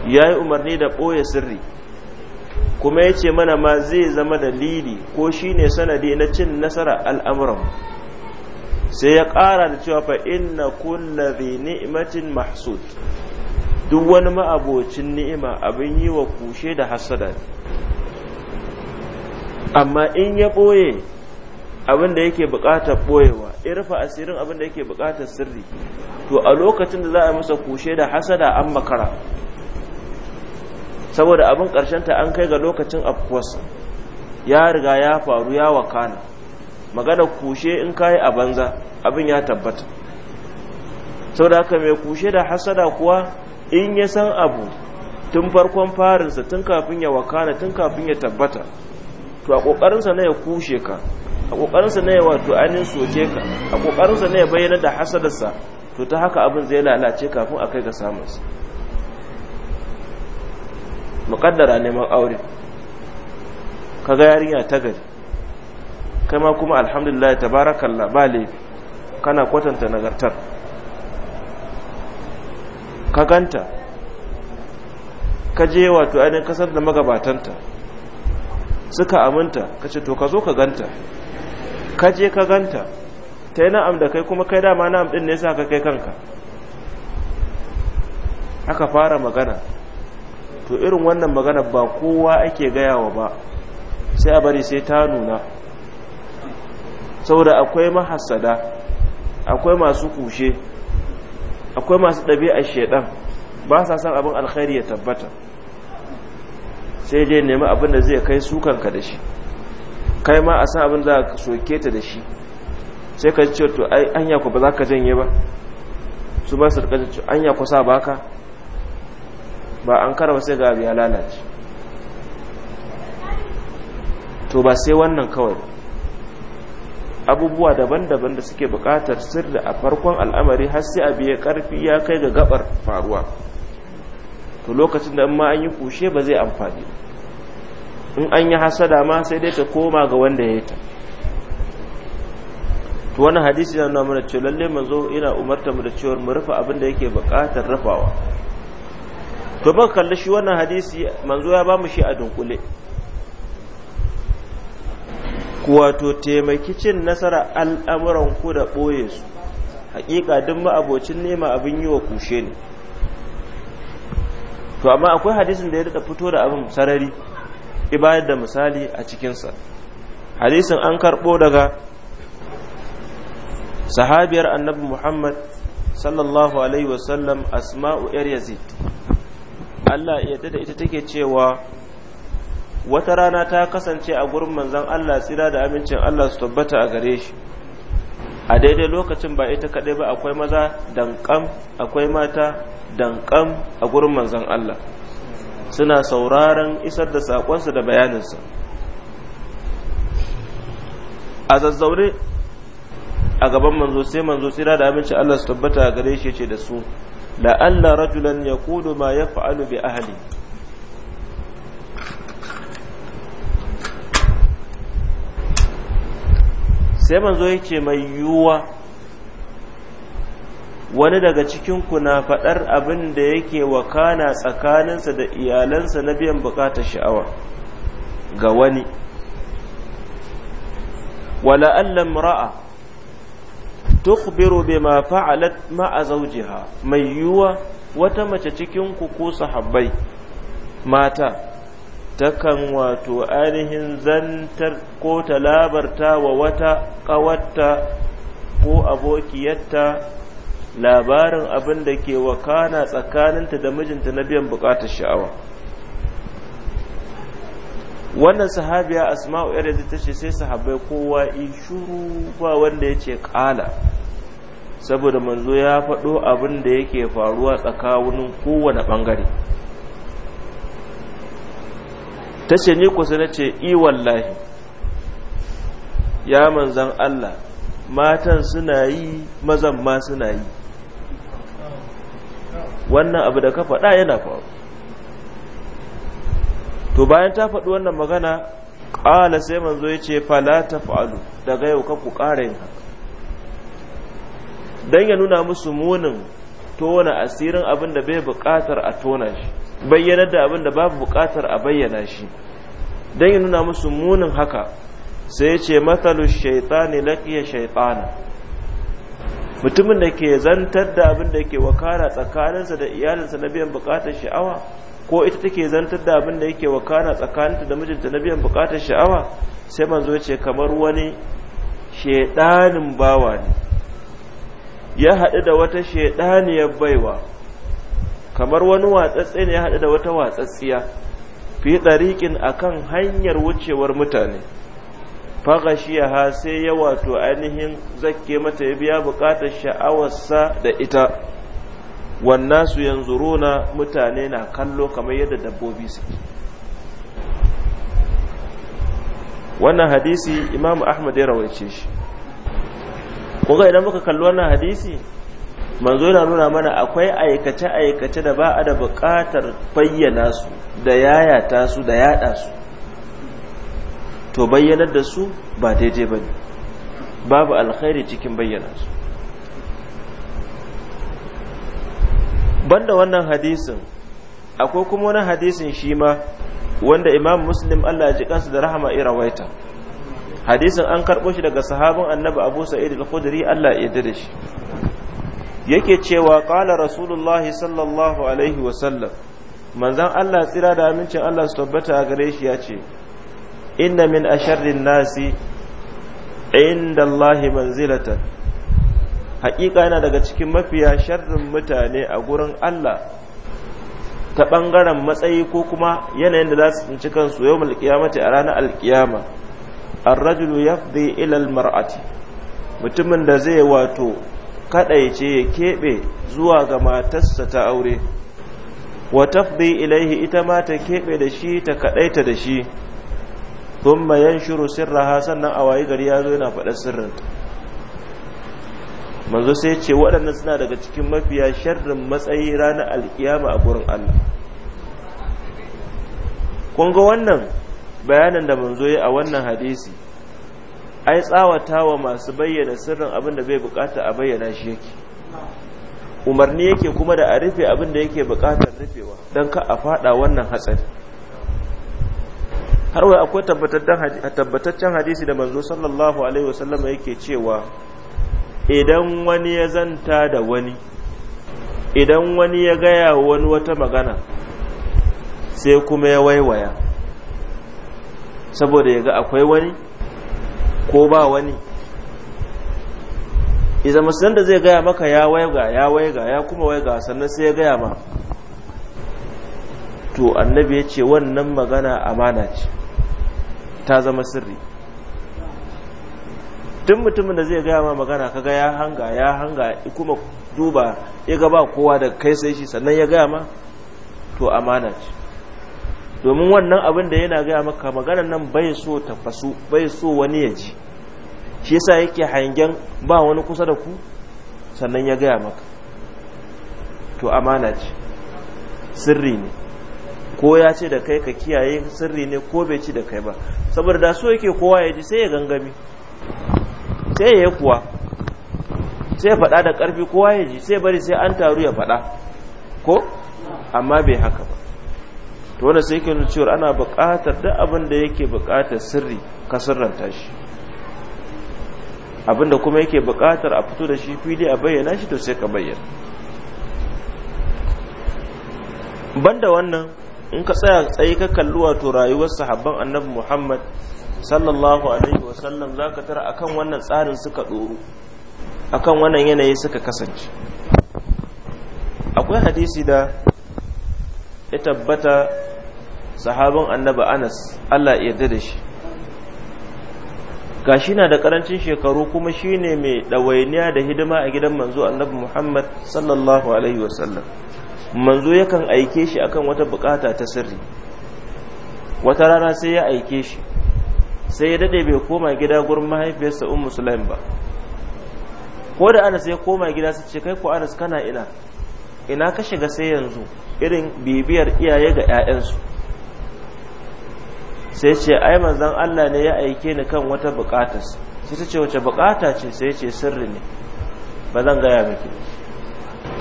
ya yi umarni da ɓoye sirri kuma ya ce mana ma zai zama dalili ko shi ne sanadi na cin nasara al'amuran sai ya ƙara da cewa fa inna kulla zai ni'imacin mahsud duk wani ma'abocin ni'ima abin yi wa kushe da hasada amma in ya ɓoye abin da yake buƙatar ɓoyewa in rufe asirin abin da yake buƙatar sirri to a lokacin da za a masa kushe da hasada an makara saboda abin ƙarshen ta an kai ga lokacin afkuwarsa ya riga ya faru ya wakana magana kushe in kayi a banza abin ya tabbata saboda haka mai kushe da hasada kuwa in ya san abu tun farkon farinsa tun kafin ya wakana tun kafin ya tabbata to a ƙoƙarinsa na ya kushe ka a ƙoƙarinsa na ya wato ainihin soke ka a ƙoƙarinsa na ya bayyana da hasadarsa to ta haka abin zai lalace kafin a kai ga samunsa muƙaddara neman aure ka ga yarinya ta gari kai ma kuma alhamdulillah tabarakallah ba laifi kana kwatanta nagartar ka ganta ka je wato ainihin kasar da magabatanta suka aminta ka ce to ka zo ka ganta ka je ka ganta ta yi na'am da kai kuma kai dama na'am ɗin ne sa ka kai kanka aka fara magana to irin wannan magana ba kowa ake gayawa ba sai a bari sai ta nuna saboda akwai mahasada akwai masu kushe akwai masu ɗabi'a shaidan ba sa san abin alkhairi ya tabbata sai dai nemi abin da zai kai sukanka da shi kai ma a san abin da ka soke ta da shi sai ka ce to ai anya ku ba za ka janye ba su ba su rika ce anya ku sa baka ba an kara ba sai ga abu ya lalace to ba sai wannan kawai abubuwa daban-daban da suke buƙatar sirri a farkon al'amari har sai abu ya karfi ya kai ga gabar faruwa to lokacin da ma an yi kushe ba zai amfani in an yi hasada ma sai dai ta koma ga wanda ya yi ta to wani hadisi na nuna mana cewa lalle manzo ina umarta mu da cewa mu rufe abin da yake bukatar rafawa to ba kalli shi wannan hadisi manzo ya bamu shi a dunkule wato taimaki cin nasara al'amuran ku da ɓoye su hakika duk ma'abocin nema abin yi wa kushe ne to amma akwai hadisin da ya rika fito da abin sarari ibayar da misali a cikinsa hadisin an karɓo daga sahabiyar annabi muhammad sallallahu alaihi wasallam asma'u yar yazid Allah ya da ita take cewa wata rana ta kasance a gurin manzon Allah tsira da amincin Allah su tabbata a gare shi a daidai lokacin ba ita kaɗai ba akwai maza danƙam akwai mata danƙam a gurin manzon Allah suna sauraron isar da saƙonsa da bayaninsa a zazzaure a gaban manzo sai manzo tsira da amincin Allah su tabbata a gare shi ce da su la'alla rajulan yaqulu ma yaf'alu bi ahli sai zo yace mai yuwa wani daga cikin ku na faɗar abin da yake wakana tsakaninsa da iyalansa na biyan bukatar sha'awa ga wani wala ra'a tukhbiru bima fa'alat ma'a zawjiha mai yuwa wata mace cikin ku ko sahabbai mata takan wato ainihin zantar ko ta labarta wa wata ƙawarta ko abokiyarta labarin abin da ke wakana tsakaninta da mijinta na biyan buƙatar sha'awa wannan sahabiya asma'u yar da tace sai sahabbai kowa yi shuru ba wanda yace kala saboda manzo ya faɗo abin da yake faruwa tsakanin kowane bangare tace ni kusa nace i wallahi ya manzan Allah matan suna yi mazan ma suna yi wannan abu da ka faɗa yana faru to bayan ta faɗi wannan magana ƙala sai manzo ya ce fala ta fa'alu daga yau ka ku ƙara yin haka don ya nuna musu munin tona asirin abin da bai buƙatar a tona shi bayyanar da abin da babu buƙatar a bayyana shi don ya nuna musu munin haka sai ya ce matsalu shaitani laƙiya shaitana mutumin da ke zantar da abin da ke wakana tsakaninsa da iyalinsa na biyan buƙatar sha'awa ko ita take zantar da abin da yake wakana tsakaninta da mijinta na biyan bukatar sha'awa sai manzo ce kamar wani shedanin bawa ne ya haɗu da wata shedaniyar baiwa kamar wani watsatse ne ya haɗu da wata watsatsiya fi a kan hanyar wucewar mutane Faga sai ya wato ainihin zakke mata ya biya bukatar sha'awarsa da ita wannan su rona mutane na kallo kamar yadda dabbobi suke wannan hadisi imamu ahmad ya rawaice shi kuga idan muka kalli wannan hadisi manzo yana nuna mana akwai aikace-aikace da ba a da bukatar bayyana su da yayata su da yada su to bayyanar da su ba daidai ba ne babu alkhairi cikin bayyana su banda wannan hadisin akwai kuma wani hadisin shi ma wanda imam muslim Allah ya ji kansa da rahama rawaita hadisin an karɓo shi daga sahabin annabi abu sa'id al-khudri Allah ya yarda shi yake cewa qala rasulullah sallallahu alaihi wa sallam manzon Allah tsira da amincin Allah su tabbata a gare shi ya ce inna min asharrin nasi inda Allah manzilatan haƙiƙa yana daga cikin mafiya sharrin mutane a gurin Allah ta ɓangaren matsayi ko kuma yanayin da za su tsinci kansu yau mulkiyamati a ranar alkiyama arrajulu yafdi ilal mar'ati mutumin da zai wato kadaice ya keɓe zuwa ga matarsa ta aure wa tafdi ilaihi ita ma ta keɓe da shi ta kadaita da shi thumma yanshuru sirraha sannan a wayi gari ya zo yana faɗa sirrinta manzo sai ce waɗannan suna daga cikin mafiya sharrin matsayi ranar alkiyama a gurin Allah kun ga wannan bayanan da manzo ya a wannan hadisi ai tsawata wa masu bayyana sirrin abin da bai bukata a bayyana shi yake umarni yake kuma da a rufe abin da yake bukatar rufewa don ka a fada wannan hatsari har wai akwai tabbataccen hadisi da manzo sallallahu alaihi wasallama yake cewa idan wani ya zanta da wani idan wani ya gaya wani wata magana sai kuma ya waiwaya saboda ya ga akwai wani ko ba wani idan musulun da zai gaya maka ya waiga ya waiga ya kuma waiga sannan sai ya gaya ma to annabi ya ce wannan magana amana ce ta zama sirri duk mutumin da zai gaya ma magana kaga ya hanga ya hanga kuma duba ya ga ba kowa da kai sai shi sannan ya gaya ma to amana ce domin wannan abin da yana gaya maka maganar nan bai so ta fasu bai so wani ya ji shi yasa yake hangen ba wani kusa da ku sannan ya gaya maka to amana ce sirri ne ko ya ce da kai ka kiyaye sirri ne ko bai ci da kai ba saboda da so yake kowa ya ji sai ya gangami sai ya kuwa sai faɗa da ƙarfi kowa ya ji sai bari sai an taru ya faɗa ko amma bai haka ba to wanda sai ke cewa ana buƙatar da abin da yake buƙatar sirri ka sirranta shi abin da kuma yake buƙatar a fito da shi fili a bayyana shi to sai ka bayyana banda wannan in ka tsaya tsaye ka kalli wato rayuwar sahabban annabi muhammad sallallahu alaihi wasallam za ka tara akan wannan tsarin suka ɗoru akan wannan yanayi suka kasance akwai hadisi da ya tabbata sahabin annaba anas allah yarda da shi gashi na da karancin shekaru kuma shi ne mai ɗawainiya da hidima a gidan manzo annabi muhammad sallallahu alaihi wasallam manzo yakan aike shi akan wata bukata ta sirri wata rana sai ya aike shi sai ya dade bai koma gida gurin mahaifiyarsa ummu sulaim ba ko da anas ya koma gida su ce kai ko anas kana ina ina ka shiga sai yanzu irin bibiyar iyaye ga 'ya'yansu sai ce ai manzon Allah ne ya aike ni kan wata buƙatar sai ta ce wace bukata ce sai ce sirri ne ba zan gaya miki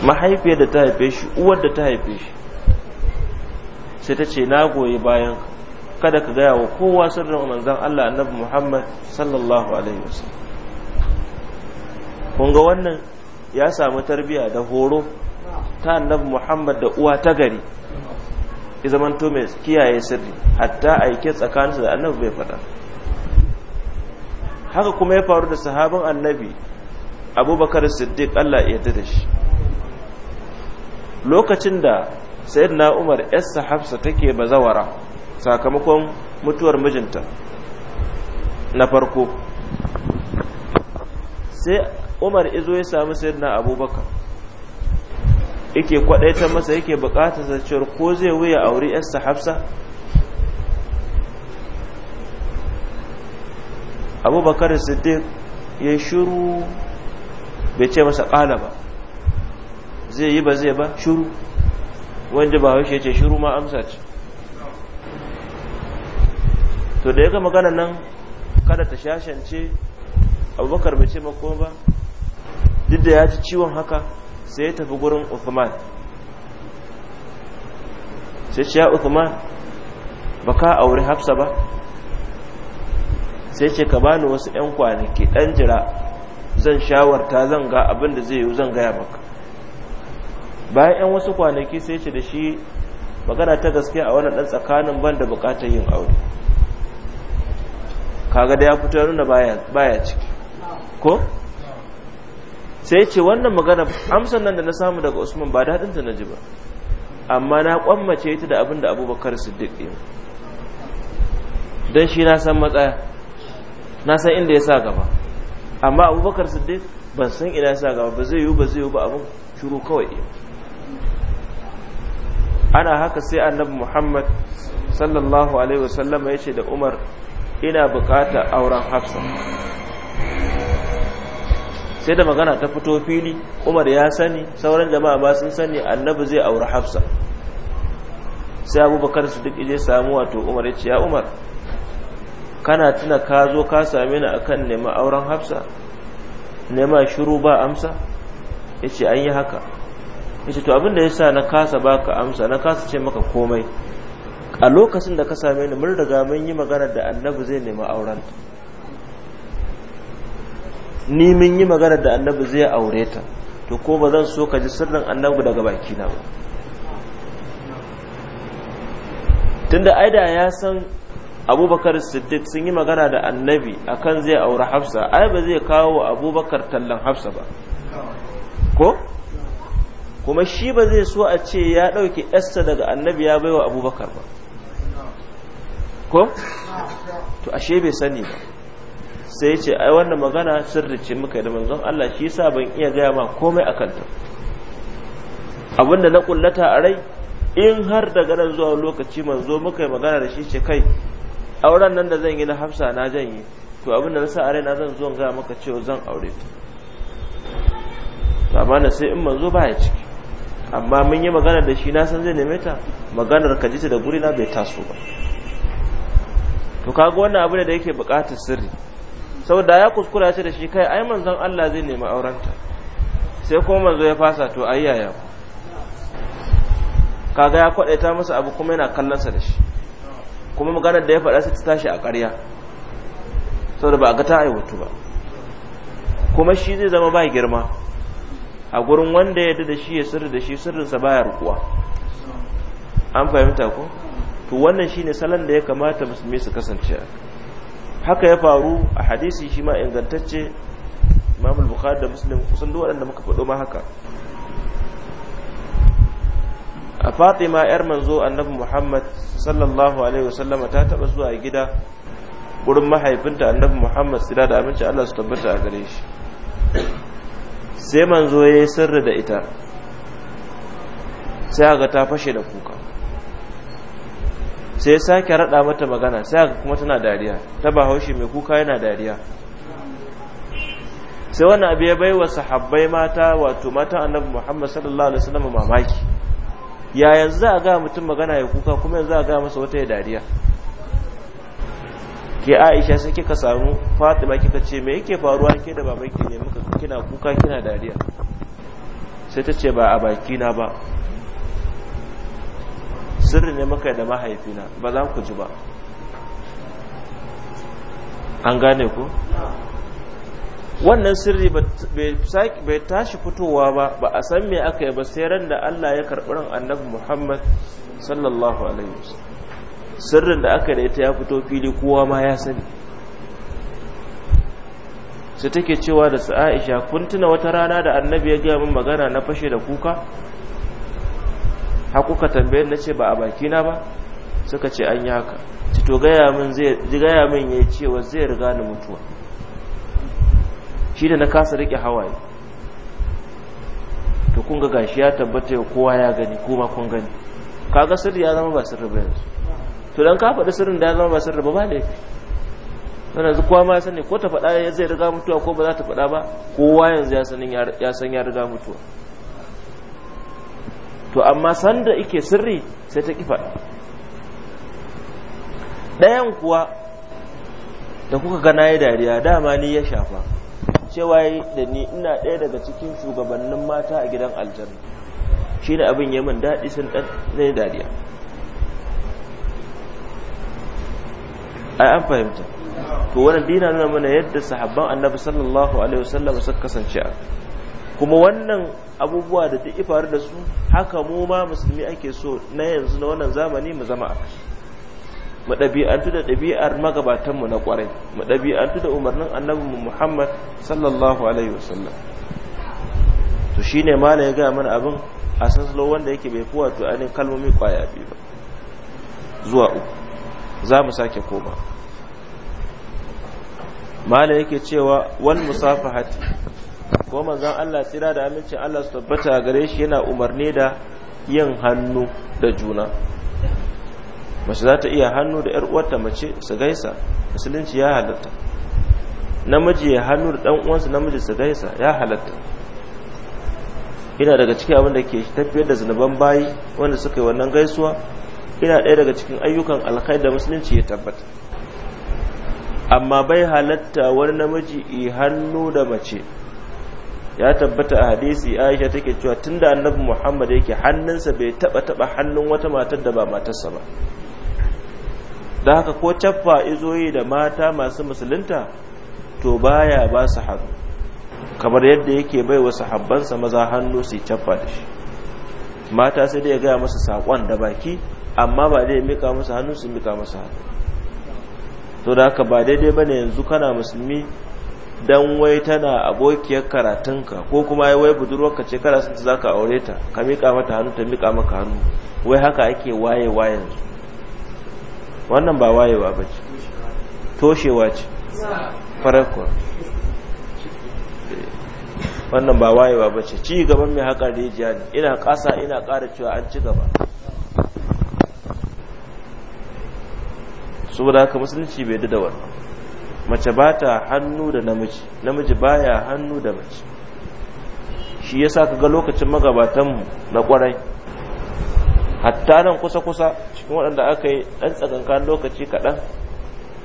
mahaifiyar da ta haife shi uwar da ta haife shi sai ta ce na goyi bayan kada ka gaya wa kowa sirrin manzon Allah annabi Muhammad sallallahu alaihi wasallam ga wannan ya samu tarbiya da horo ta annabi Muhammad da uwa ta gari ya zamanto mai kiyaye sirri hatta aike tsakaninsa da annabi bai faɗa haka kuma ya faru da sahabin annabi abubakar siddiq allah ya yarda da shi lokacin da sayyidina umar yarsa hafsa take bazawara sakamakon mutuwar mijinta na farko sai umar izo ya sami sayyidina abubakar yake kwadaita masa yake bukatar zarciyar ko zai wuya wuri yarsa hafsa abubakar siddiq ya shuru bai ce masa kala ba zai yi ba zai ba shuru wanda ba haushe ce shuru ma amsa ce to da ya ga magana nan kada ta shashance abubakar bai ce mako ba duk da ya ci ciwon haka sai ya tafi gurin uthman sai ce ya uthman ba ka auri hafsa ba sai ce ka bani wasu 'yan kwanaki ɗan jira zan shawarta zan ga abin da zai yi zan gaya maka bayan 'yan wasu kwanaki sai ce da shi magana ta gaske a wani ɗan tsakanin ban da bukatar yin aure kaga da ya fito ya nuna baya ciki ko sai ce wannan magana amsan nan da na samu daga usman ba daɗinta na ji ba amma na kwammace ta da abin da abubakar siddiq ɗin don shi na san matsaya na san inda ya sa gaba amma abubakar siddiq ban san ina sa gaba ba zai yiwu ba zai yiwu ba abin shuru kawai ana haka sai annabi muhammad sallallahu alaihi wasallam ya ce da umar ina bukatar auren hafsa sai da magana ta fito fili umar ya sani sauran jama'a ba sun sani annabi zai auri hafsa sai abubakar su duk ije samu wato umar ya ce ya umar kana tuna ka zo ka same ni akan neman auren hafsa nema shiru ba amsa ya ce an yi haka ya ce to abinda ya sa na kasa baka amsa na kasa ce maka komai a lokacin da ka same ni mun riga mun yi magana da annabi zai nemi auren ta ni mun yi magana da annabi zai aure ta to ko ba zan so ka ji sirrin annabi daga baki na ba tunda aida ya san abubakar siddiq sun yi magana da annabi akan zai aure hafsa ai ba zai kawo abubakar tallan hafsa ba ko kuma shi ba zai so a ce ya ɗauke esta daga annabi ya baiwa abubakar ba ko to ashe bai sani ba sai ce ai wannan magana sirri ce muka yi da manzon Allah shi yasa ban iya gaya ma komai akan ta abinda na kullata a rai in har daga nan zuwa lokaci manzo muka yi magana da shi ce kai auren nan da zan yi na Hafsa na zan yi to abinda na sa a rai na zan zo ga maka cewa zan aure ta amma na sai in manzo baya ciki amma mun yi magana da shi na san zai neme ta maganar ka ji ta da guri na bai taso ba to kaga wannan abu ne da yake buƙatar sirri saboda ya kuskura ya ce da shi kai ai manzon Allah zai nemi aurenta sai kuma manzo ya fasa to ai yaya kaga ya kwadaita masa abu kuma yana kallon sa da shi kuma maganar da ya faɗa sai ta tashi a ƙarya saboda ba a ga ta aiwatu ba kuma shi zai zama ba girma a gurin wanda ya da shi ya sirri da shi sirrinsa baya rukuwa an fahimta ko to wannan shine salon da ya kamata musulmi su kasance haka ya faru a hadisi shi ma ingantacce imamul bukhari da muslim kusan duk waɗanda muka faɗo ma haka a fatima yar manzo annabi muhammad sallallahu alaihi wasallama ta taɓa zuwa gida wurin mahaifinta annabi muhammad sida da abinci allah su tabbata a gare shi sai manzo ya yi sirri da ita sai ga ta fashe da kuka sai ya sake raɗa mata magana sai ga kuma tana dariya ta bahaushe mai kuka yana dariya sai wani abu ya bai wa sahabbai mata wato mata annabi muhammad sallallahu alaihi wasallam mamaki ya yanzu za a ga mutum magana ya kuka kuma yanzu a ga masa wata ya dariya ke aisha sai kika samu fatima kika ce me yake faruwa ke da babanki ne muka kina kuka kina dariya sai ta ce ba a baki na ba sirri ne muka da mahaifina ba za ku ji ba an gane ku wannan sirri bai tashi fitowa ba ba a san me aka yi ba sai ran da Allah ya karɓi ran annabi Muhammad sallallahu alaihi sirrin da aka da ita ya fito fili kowa ma ya sani sai take cewa da Aisha kun tuna wata rana da annabi ya gaya min magana na fashe da kuka hakuka tambayar na ce ba a bakina ba suka ce an yi haka ci to gaya min ya cewa zai riga ni mutuwa shi da na kasa rike hawaye to kun ga gashi ya tabbata ya kowa ya gani kuma kun gani kaga sirri ya zama ba sirri ba yanzu to dan ka faɗi sirrin da ya zama ba sirri ba ba laifi don yanzu kowa ma ya sani ko ta faɗa zai riga mutuwa ko ba za ta faɗa ba kowa yanzu ya san ya riga mutuwa to amma sanda ike sirri sai ta kifa ɗayan kuwa da kuka gana ya dariya dama ni ya shafa cewa da ni ina ɗaya daga cikin shugabannin mata a gidan aljanna shi ne abin yamin daɗi sun ɗaya dariya ai an fahimta to wannan dina nuna mana yadda sahabban annabi sallallahu alaihi wasallam suka kasance kuma wannan abubuwa da ta ifar da su haka mu ma musulmi ake so na yanzu na wannan zamani mu zama akai mu ɗabi'antu da ɗabi'ar magabatanmu na ƙwarai mu ɗabi'antu da umarnin annabinmu Muhammad sallallahu alaihi wasallam to shine na ya gaya mana abin a salo wanda yake bai fuwa to anin kalmomi kwaya biyu ba zuwa uku za mu sake koma ma yake cewa wal musafahati ko manzon Allah tsira da amincin Allah su tabbata gare shi yana umarni da yin hannu da juna mace za ta iya hannu da 'yar uwarta mace su gaisa musulunci ya halatta namiji ya hannu da dan uwansa namiji su gaisa ya halatta ina daga cikin abin da ke tafiyar da zunuban bayi wanda suka yi wannan gaisuwa ina ɗaya daga cikin ayyukan alkhair da musulunci ya tabbata amma bai halatta wani namiji i hannu da mace ya tabbata a hadisi aisha take cewa tunda annabi muhammad yake hannunsa bai taba taba hannun wata matar da ba matarsa ba da haka ko caffa izoyi da mata masu musulunta to baya ba su hannu kamar yadda yake bai wa sahabbansa maza hannu su caffa da shi mata sai dai ya gaya masa saƙon da baki amma ba dai mika masa hannu su mika masa hannu to da haka ba daidai bane yanzu kana musulmi dan wai tana abokiyar karatunka ko kuma wai budurwarka ce kana sun za ka aure ta ka miƙa mata hannu ta miƙa maka hannu wai haka ake waye wayen wannan ba wayewa ba ce toshewa ce farakwa wannan ba wayewa ba ce ci gaban mai haka rijiya ne ina ƙasa ina ƙara cewa an ci gaba da haka musulunci bai da wannan mace ba ta hannu da namiji namiji baya hannu da mace shi ya yasa kaga lokacin magabatanmu na kwarai hatta nan kusa-kusa cikin waɗanda aka yi ɗan tsakankan lokaci kaɗan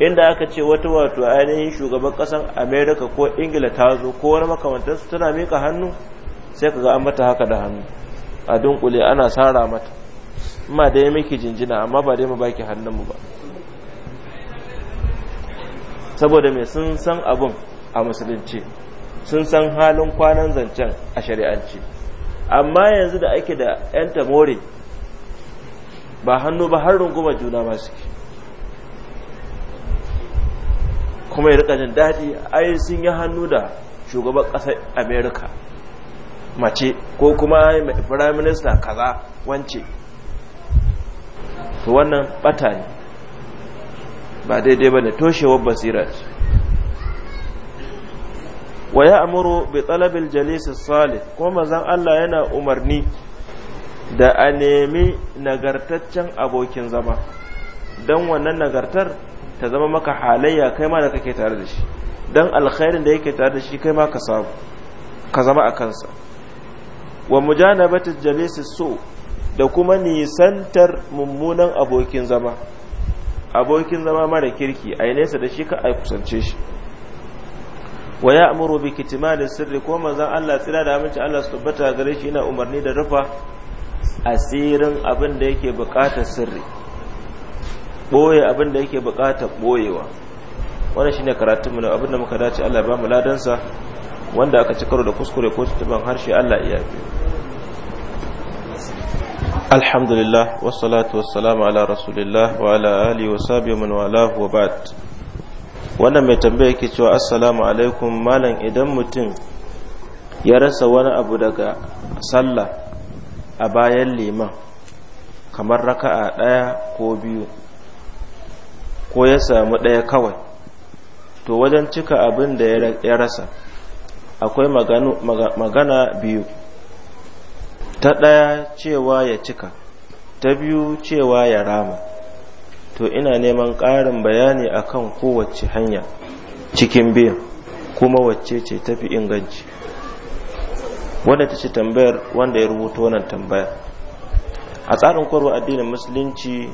inda aka ce wata wato ainihin shugaban ƙasar Amerika ko ingila ta zo ko wani makamantarsu tana mika hannu sai ka ga an mata haka da hannu a dunkule ana sara mata ma dai miki jinjina amma ba dai mu baki hannunmu ba saboda mai sun san abin a musulunci sun san halin kwanan zancen a shari'anci amma yanzu da ake da 'yan tamori ba hannu ba har runguma juna masu ke kuma ya rika jin daɗi ai sun yi hannu da shugaban ƙasar amerika mace ko kuma prime minister kaza wance to wannan ɓata ne ba daidai ba ne toshewar basira wa ya amuru bi talabil jalisi salih ko manzon Allah yana umarni da a nemi nagartaccen abokin zama don wannan nagartar ta zama maka halayya kai ma da kake tare da shi don alkhairin da yake tare da shi kai ma ka samu ka zama a kansa wa mujanabatu jalisi so da kuma nisantar mummunan abokin zama abokin zama mara kirki a yi nesa da shi ka a kusance shi wa ya amuru bi da sirri ko mazan Allah tsira da aminci Allah su tabbata gare shi yana umarni da rufa asirin abin da yake bukata sirri boye abin da yake bukatar boyewa wannan shine karatun mu abin da muka dace Allah ya ba mu ladansa wanda aka ci karo da kuskure ko tuban harshe Allah iya alhamdulillah wassalatu wassalamu ala rasulillah wa ala alihi wa sahbihi man walahu wa ba'd wannan mai tambaya yake cewa assalamu alaikum malam idan mutum ya rasa wani abu daga sallah a bayan liman kamar raka'a ɗaya ko biyu ko ya samu ɗaya kawai to wajen cika abin da ya rasa akwai magana biyu ta ɗaya cewa ya cika ta biyu cewa ya rama to ina neman ƙarin bayani akan kowace hanya cikin biyan kuma wacce ce tafi inganci wanda ta ce tambayar wanda ya rubuta wannan tambaya a tsarin kwarwa addinin musulunci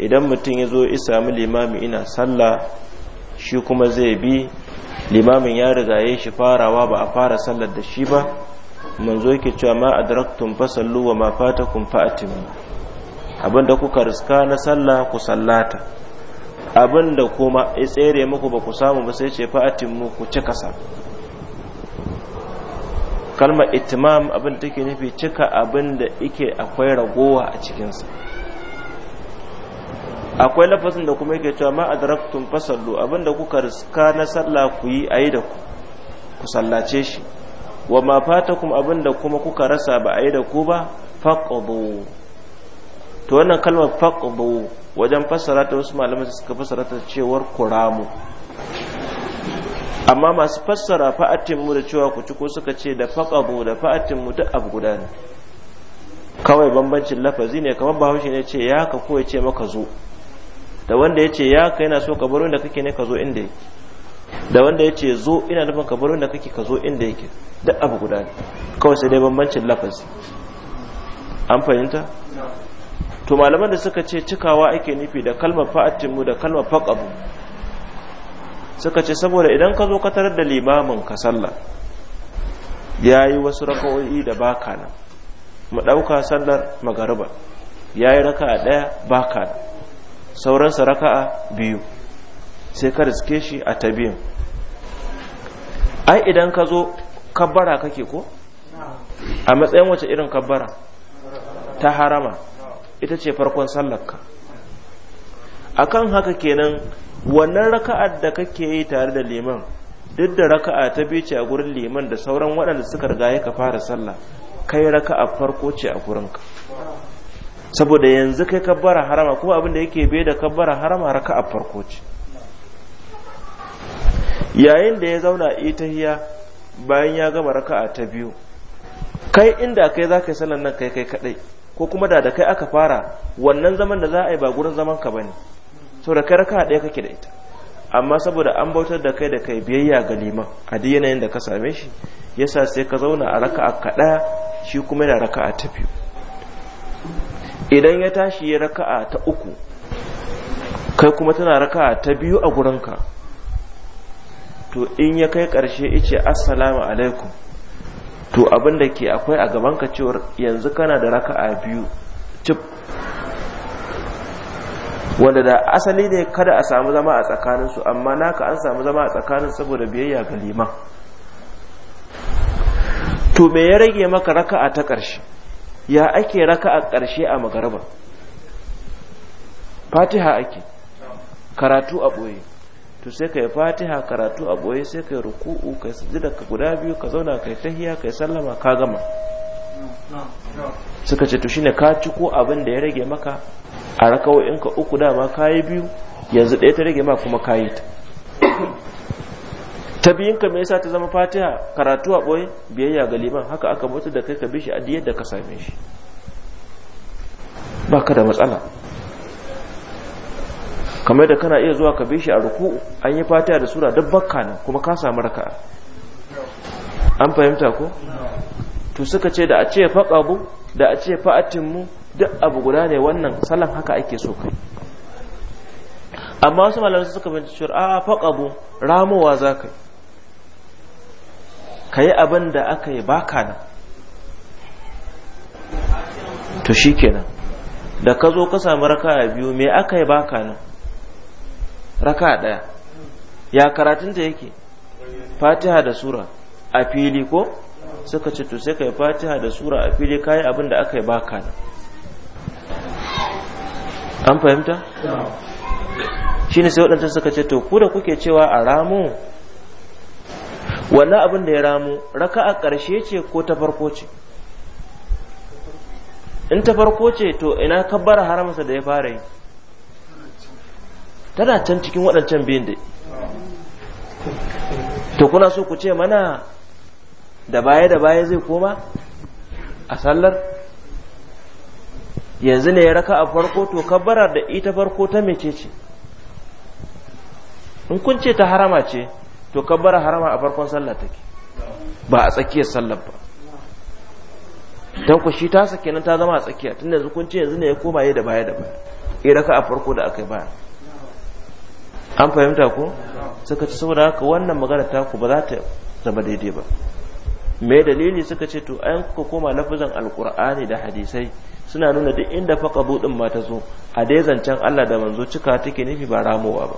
idan mutum ya zo isa sami limami ina sallah shi kuma zai bi limamin ya rigaye shi farawa ba a fara sallar da shi ba manzo yake cewa ma adraktum fasallu wa ma fatakum fa'atimu abinda kuka riska na sallah ku sallata abinda kuma ya tsere muku ba ku samu ba sai ce fa'atimu ku cika sa kalma itimam abin take nufi cika abin da ike akwai ragowa a cikinsa akwai lafazin da kuma yake cewa ma adraktum fasallu abin da kuka riska na sallah ku yi a yi da ku ku sallace shi wa ma fatakum abinda kuma kuka rasa ba a yi da ku ba faqdu to wannan kalmar faqdu wajen fassara ta wasu malamai suka fassara ta cewar kuramu amma masu fassara fa'atin mu da cewa ku ci ko suka ce da faqdu da fa'atin mu duk abu guda ne kawai bambancin lafazi ne kamar bahaushe ne ce ya ka ko ya ce maka zo da wanda ya ce ya ka yana so ka bar wanda kake ne ka zo inda yake da wanda ya ce zo ina nufin ka bar wanda kake ka zo inda yake duk abu guda ne kawai sai dai bambancin lafazi an fahimta to malaman da suka ce cikawa ake nufi da kalmar fa'atimu da kalmar faqabu suka ce saboda idan ka zo ka tarar da limamin ka sallah yayi wasu raka'o'i da baka mu ɗauka sallar magariba yayi raka'a daya baka sauransa raka'a biyu sai ka riske shi a tabiyin ai idan ka zo kabbara kake ko a matsayin wace irin kabbara ta harama ita ce farkon sallarka akan haka kenan wannan raka'ar da kake yi tare da liman duk da raka'a ta biyu ce a gurin liman da sauran waɗanda suka riga ka fara sallah kai raka'a farko ce a gurinka saboda yanzu kai kabbara harama kuma abin da yake bai da kabbara harama raka'a farko ce yayin da ya zauna ita hiya bayan ya gama raka'a ta biyu kai inda kai za ka yi sallan nan kai kai kadai ko kuma da da kai aka fara wannan zaman da za a yi ba gurin zaman ka bane sau da kai raka'a ɗaya kake da ita amma saboda an bautar da kai da kai biyayya ga liman a duk yanayin da ka same shi yasa sai ka zauna a raka'a ka ɗaya shi kuma yana raka'a ta biyu idan ya tashi ya raka'a ta uku kai kuma tana raka'a ta biyu a gurinka to in ya kai ƙarshe ice assalamu alaikum to abin da ke akwai a gabanka cewar yanzu kana da raka'a biyu cip. wanda da asali ne kada a samu zama a tsakaninsu amma naka an samu zama a tsakanin saboda biyayya ga liman to me ya rage maka raka'a ta ƙarshe ya ake raka'a ƙarshe a magaraba fatiha ake karatu a ɓoye to sai kai fatiha karatu a boye sai kai ruku'u kai sujjada ka guda biyu ka zauna kai tahiya kai sallama ka gama suka ce to shine ka ci ko abin da ya rage maka a rakawoyin ka uku dama kayi biyu yanzu ɗaya ta rage maka kuma kayi ta ta biyun ka me yasa ta zama fatiha karatu a boye biyayya ga liman haka aka mutu da kai ka bi shi a diyar da ka same shi ba ka da matsala kamar da kana iya zuwa ka bi shi a ruku an yi fatiha da sura duk bakka nan kuma ka samu raka'a an fahimta ko to suka ce da a ce faqabu da a ce mu duk abu guda ne wannan salon haka ake so kai amma wasu malamai suka bin cewa a faqabu ramowa za ka yi abin da aka yi baka nan to shikenan da ka zo ka samu raka'a biyu me aka yi baka nan raka ɗaya ya karatunta yake fatiha da sura a fili ko suka ce to sai ka yi fatiha da sura a fili kayi abin da aka yi baka da an fahimta shi ne sai waɗanda suka ce to ku da kuke cewa a ramu wannan abin da ya ramu raka a ƙarshe ce ko ta farko ce in ta farko ce to ina kabbara haramarsa da ya fara yi tana can cikin waɗancan biyun da to kuna so ku ce mana da baya da baya zai koma a sallar yanzu ne ya raka a farko to kabbara da ita farko ta mece ce in kun ce ta harama ce to kabbara harama a farkon sallah take ba a tsakiyar sallar ba don ku shi ta sake nan ta zama a tsakiya tun yanzu kun ce yanzu ne ya koma yi da baya da baya ya raka a farko da aka yi baya an fahimta ko suka ci saboda haka wannan magana ta ku ba za ta zama daidai ba me dalili suka ce to an kuka koma lafazan alkur'ani da hadisai suna nuna duk inda faka budin ma ta zo a dai zancen Allah da manzo cika take nufi ba ramowa ba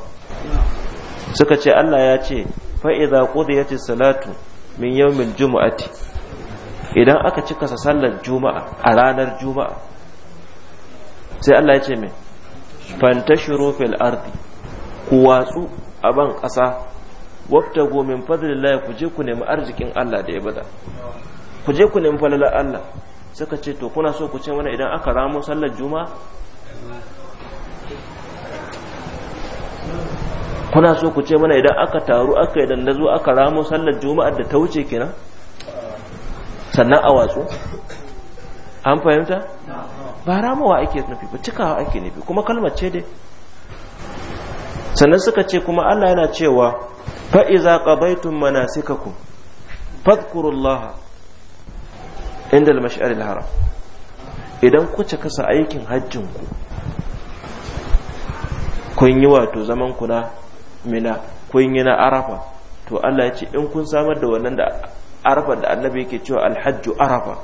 suka ce Allah ya ce fa ya ce salatu min yawmil juma'ati idan aka cika sa sallar juma'a a ranar juma'a sai Allah ya ce mai fantashiru fil ardi ku watsu a ban ƙasa wafta gomin fadlillahi ku je ku nemi arzikin Allah da ya bada ku je ku nemi falalar Allah suka ce to kuna so ku ce mana idan aka ramo sallar juma'a kuna so ku ce mana idan aka taru aka idan da zo aka ramu sallar juma'ar da ta wuce kenan sannan a watsu an fahimta ba ramowa ake nufi ba cikawa ake nufi kuma kalmar ce dai sannan suka ce kuma Allah yana cewa fa iza qabaitum manasikakum fadhkurullaha inda al al haram idan ku cika sa aikin hajjin kun yi wato zaman ku na mina kun yi na arafa to Allah ya ce in kun samar da wannan da arafa da annabi yake cewa alhajju arafa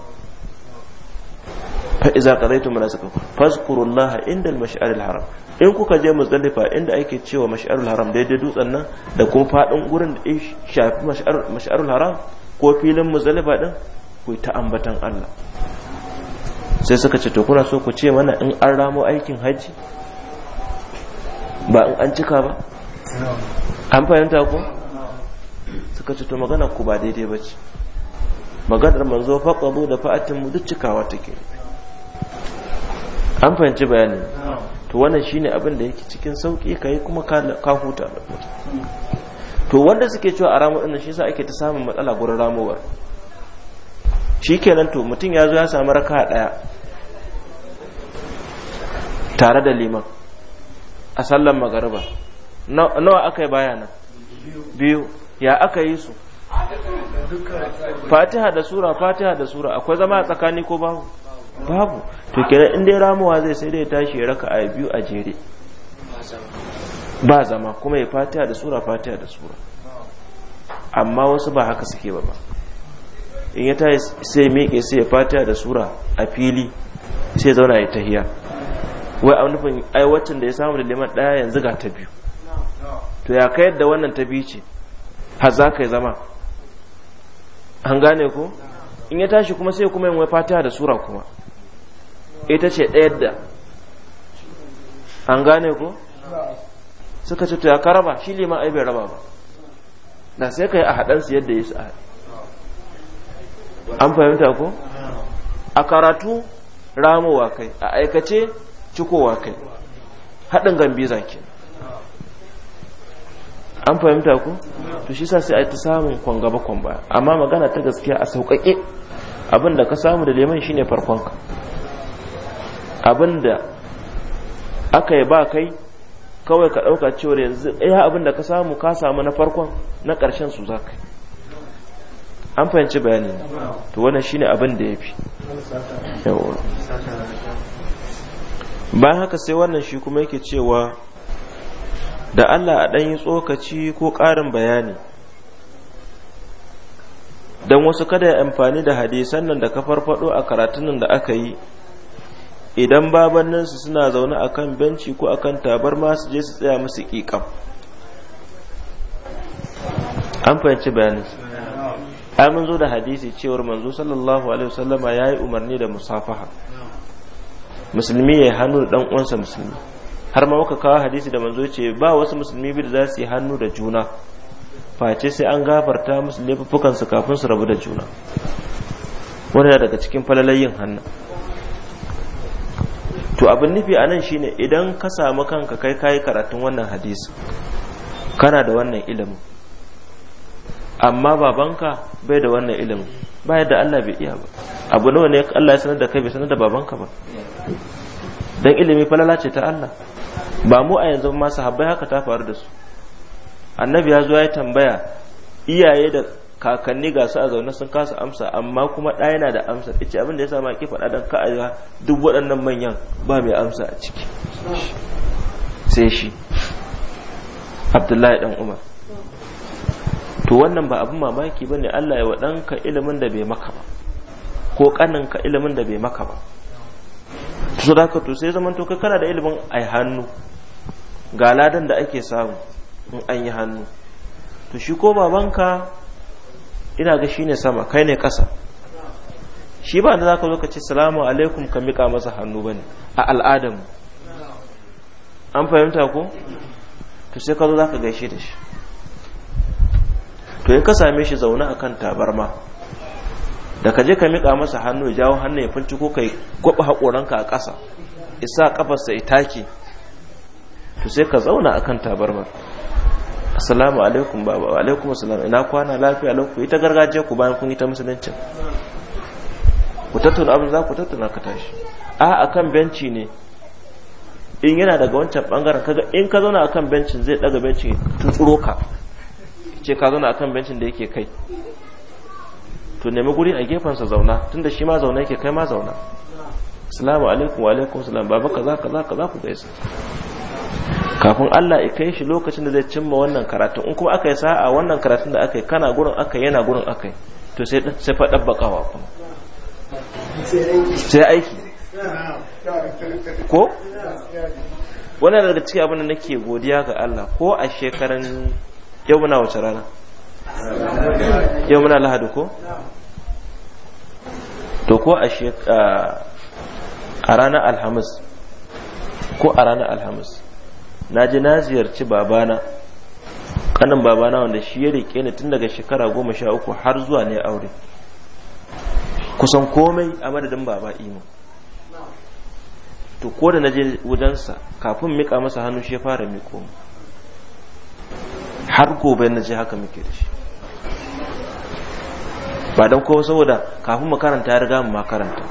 fa iza qadaytum manasikakum fazkurullaha inda al-mash'aril haram in kuka je muzdalifa inda ake cewa mash'arul haram daidai dutsen nan da kuma fadin gurin da ya shafi mash'arul haram ko filin muzdalifa din ku ta ambatan Allah sai suka ce to kuna so ku ce mana in an ramo aikin hajji ba in an cika ba an fahimta ko suka ce to magana ku ba daidai ba ce maganar manzo faqadu da fa'atin mu duk cikawa take an fahimci bayani to wannan shine abin da yake cikin sauki kai kuma ka huta to wanda suke cewa a ramu dinnan shi yasa ake ta samun matsala gurin shi kenan to mutum ya zo ya samu raka daya tare da liman a sallan magariba nawa aka yi bayana biyu ya aka yi su fatiha da sura fatiha da sura akwai zama a tsakani ko babu babu to kenan in dai ramuwa zai sai dai tashi ya raka a biyu a jere ba zama kuma ya fatiya da sura fatiya da sura amma wasu ba haka suke ba ba in ya tashi sai miƙe sai ya fatiya da sura a fili sai zauna ya tahiya wai a nufin aiwacin da ya samu da liman ɗaya yanzu ga ta biyu to ya kai da wannan ta biyu ce har za ka yi zama an gane ko in ya tashi kuma sai kuma yin wai fatiya da sura kuma ita ce ɗayar da an gane ko suka ce to ya karaba shi liman ai bai raba ba da sai ka yi a haɗansu yadda ya su a an fahimta ko a karatu ramowa kai a aikace cikowa kai haɗin gambiza ke an fahimta ku to shi sa sai a ta samun kwan gaba amma magana ta gaskiya a sauƙaƙe abin da ka samu da liman shine farkonka abinda aka yi ba kai kawai ka ɗauka cewar yanzu ɗaya eh, abinda ka samu ka samu na farkon na ƙarshen su za ka an fahimci bayani to wannan shine abin da ya fi bayan haka sai wannan shi kuma yake cewa da allah a ɗan yi tsokaci ko ƙarin bayani don wasu kada ya amfani da hadisan nan da ka farfado a karatunan da aka yi idan babanninsu suna zaune a kan benci ko a kan tabarma su je su tsaya musu ƙiƙam an fahimci bayanin ai mun zo da hadisi cewar manzo sallallahu alaihi wasallama ya yi umarni da musafaha musulmi ya yi hannu da ɗan musulmi har ma muka kawo hadisi da manzo ce ba wasu musulmi biyu da za su yi hannu da juna face sai an gafarta musu laifukansu kafin su rabu da juna wani daga cikin falalayin hannu to abin nufi a nan shine idan ka samu kanka kai kayi karatun wannan hadisi kana da wannan ilimin amma babanka bai da wannan ilimin ba yadda Allah bai iya ba abu nawa ne Allah ya sanar da kai bai sanar da babanka ba dan ilimi falala ce ta Allah ba mu a yanzu ma sahabbai haka ta faru da su annabi ya zo ya tambaya iyaye da kakanni ga su a zaune sun kasa amsa amma kuma ɗaya yana da amsa ice abin da ya sama ki faɗa don ka'a duk waɗannan manyan ba mai amsa a ciki sai shi abdullahi ɗan umar to wannan ba abin mamaki ba ne allah ya waɗanka ilimin da bai maka ba ko ƙaninka ilimin da bai maka ba su da ka to sai zaman to kana da ilimin a hannu ga ladan da ake samu in an yi hannu to shi ko babanka ina ga shine sama kai ne kasa shi ba da zaka ka ci salamu alaikum ka miƙa masa hannu bane a al'adam an fahimta ko to sai ka zo zaka gaishe da shi to in ka same shi zaune akan tabarma da ka je ka miƙa masa hannu ya jawo hannu ya finci ko kai gwaba haƙoranka a ƙasa isa ƙafarsa ya to sai ka zauna akan tabarmar assalamu alaikum baba wa alaikum assalam ina kwana lafiya lafiya ita gargajiya ku bayan kun yi ta musulunci ku tattauna abin za ku tattauna ka tashi a akan benci ne in yana daga wancan bangaren kaga in ka zauna akan bencin zai daga bencin tutsuro ka ce ka zauna akan bencin da yake kai to nemi guri a gefensa zauna tunda shi ma zauna yake kai ma zauna assalamu alaikum wa alaikum assalam baba kaza kaza kaza ku gaisa kafin Allah ya kai shi lokacin da zai cimma wannan karatu in kuma aka yi sa'a wannan karatun da aka yi kana gurin aka yana gurin aka yi to sai sai fa dabbakawa kuma sai aiki ko wannan daga cikin abin da nake godiya ga Allah ko a shekaran yau muna wace rana yau muna lahadi ko to ko a a ranar alhamis ko a ranar alhamis na ji na ziyarci babana kanin babana wanda shi ya rike ni tun daga shekara goma sha uku har zuwa ne aure kusan komai a madadin baba imo to ko da na je wajensa kafin mika masa hannu shi ya fara miko har gobe na je haka muke da shi ba don kowa saboda kafin makaranta ya riga mu makaranta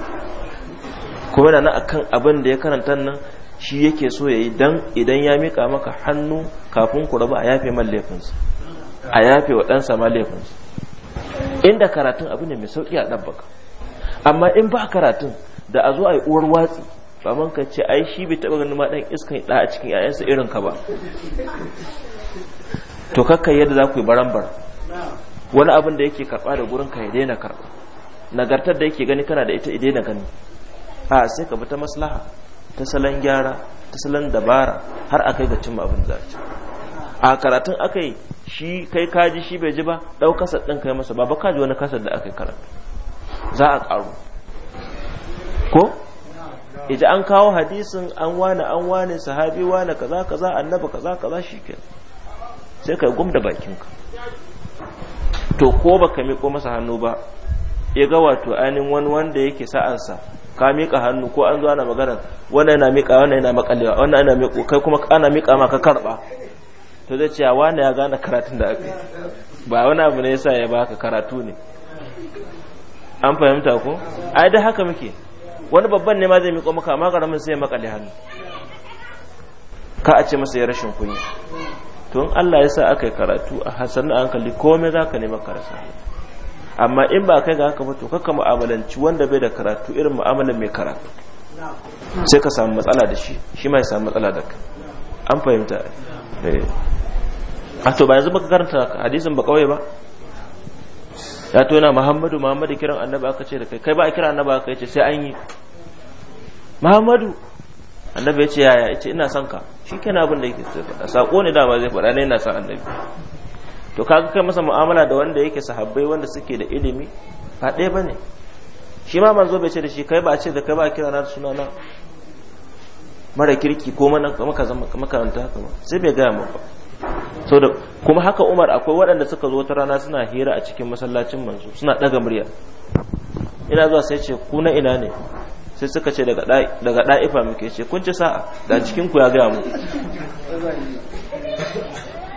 kuma na akan abin da ya karanta nan shi yake so ya yi dan idan ya mika maka hannu kafin ku raba a yafe man laifinsa a yafe wa ɗansa ma laifinsa inda karatun abu ne mai sauƙi a ɗabbaka amma in ba karatun da a zo a yi uwar watsi ba man ka ce ai shi bai taɓa ganin ma iskan ɗa a cikin ƴaƴansa irin ka ba to kakka yadda za ku yi barambar wani abin da yake karɓa da gurin ka ya daina karɓa nagartar da yake gani kana da ita ya daina gani a sai ka bi ta maslaha ta salon gyara ta salon dabara har a kai ga cimma abin da zarci a karatun aka yi shi kai kaji shi bai ji ba ɗau kasar ɗin kai masa ba ba kaji wani kasar da aka yi karatu za a ƙaru ko ija an kawo hadisin an wane an wane sahabi wane kaza kaza annaba kaza kaza ke sai kai gum bakinka to ko baka miƙo masa hannu ba ya ga wato ainihin wani wanda yake sa'ansa ka miƙa hannu ko an zo ana magana wannan yana miƙa wannan yana makalewa wannan yana miƙo kai kuma ana miƙa ma ka karɓa to zai ce wani ya gane karatun da aka ba wani abu ne yasa ya baka karatu ne an fahimta ko ai da haka muke wani babban ne ma zai miƙo maka amma karamin sai ya makale hannu ka a ce masa ya rashin kunya to in Allah ya sa aka yi karatu a hasan da hankali komai za ka nema karasa amma in ba kai ga haka ba to kakka mu'amalanci wanda bai da karatu irin mu'amalan mai karatu sai ka samu matsala da shi shi ma ya samu matsala da ka an fahimta eh. a to ba yanzu baka karanta hadisin ba kawai ba ya to yana muhammadu muhammadu kiran annabi aka ce da kai kai ba a kira annabi aka ce sai an yi muhammadu annabi ya ce yaya ya ce ina son ka shi kenan abin da yake faɗa saƙo ne dama zai faɗa ne yana son annabi to kaga kai masa mu'amala da wanda yake sahabbai wanda suke da ilimi ba ɗaya ba shi ma manzo bai ce da shi kai ba a ce da kai ba kira na suna mara kirki ko makaranta haka ba sai bai gaya mu so da kuma haka umar akwai waɗanda suka zo ta rana suna hira a cikin masallacin manzo suna ɗaga murya ina zuwa sai ce ku na ina ne sai suka ce daga ɗa'ifa muke ce kun ci sa'a da cikin ku ya gaya mu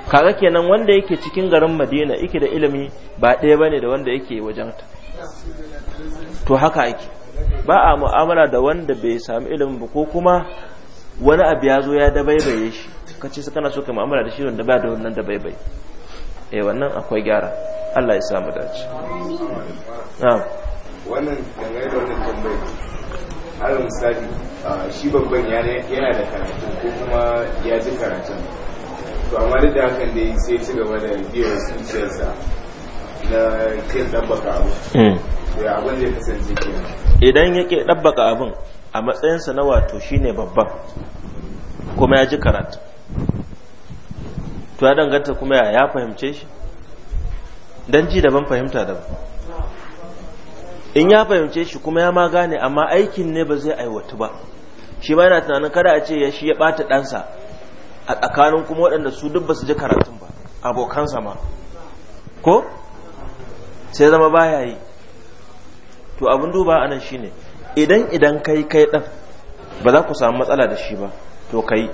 kaga kenan wanda yake cikin garin madina yake da ilimi ba ɗaya bane da wanda yake wajen ta to haka yake ba a mu'amala da wanda bai samu ilimi ba ko kuma wani abu ya zo ya dabaibaye shi ka ce kana so ka mu'amala da shi wanda ba da wannan dabaibaye eh wannan akwai gyara Allah ya mu dace na'am wannan dangane da wannan tambayar alal misali shi babban yana da karatu ko kuma ya ji karatun to amma duk da hakan dai sai ci gaba da biyar zuciyarsa na kin ɗabbaka abu hmm. ya abin kasance kenan idan yake ɗabbaka abin a matsayinsa na wato shine babban kuma ya ji karatu to ya danganta kuma ya fahimce shi don ji daban fahimta daban in ya fahimce shi kuma ya ma gane amma aikin ne ba zai aiwatu ba shi ma yana tunanin kada a ce ya shi ya ɓata ɗansa a tsakanin kuma waɗanda su duk ba su ji karatun ba abokansa ma ko sai zama baya yi to abin duba anan shine idan idan kai kai ɗan ba za ku samu matsala da shi ba to kai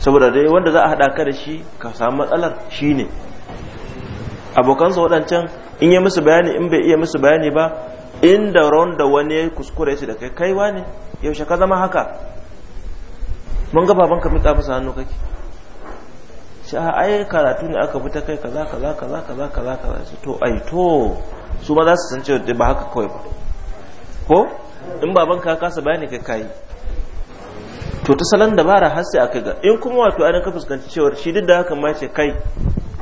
saboda dai wanda za a haɗa ka da shi ka samu matsalar shi ne abokansa waɗancan in yi musu bayani in bai iya musu bayani ba inda da wani ya kuskure su da kai kaiwa ne yaushe ka zama haka mun ga baban ka miƙa masa hannu kake shi a ai karatu ne aka bi ta kai kaza kaza kaza kaza kaza kaza su to ai to su ba za su san cewa ba haka kawai ba ko in baban ka kasa bayani kai kai to ta salon dabara har sai aka ga in kuma wato an ka fuskanci cewar shi duk da haka ma ce kai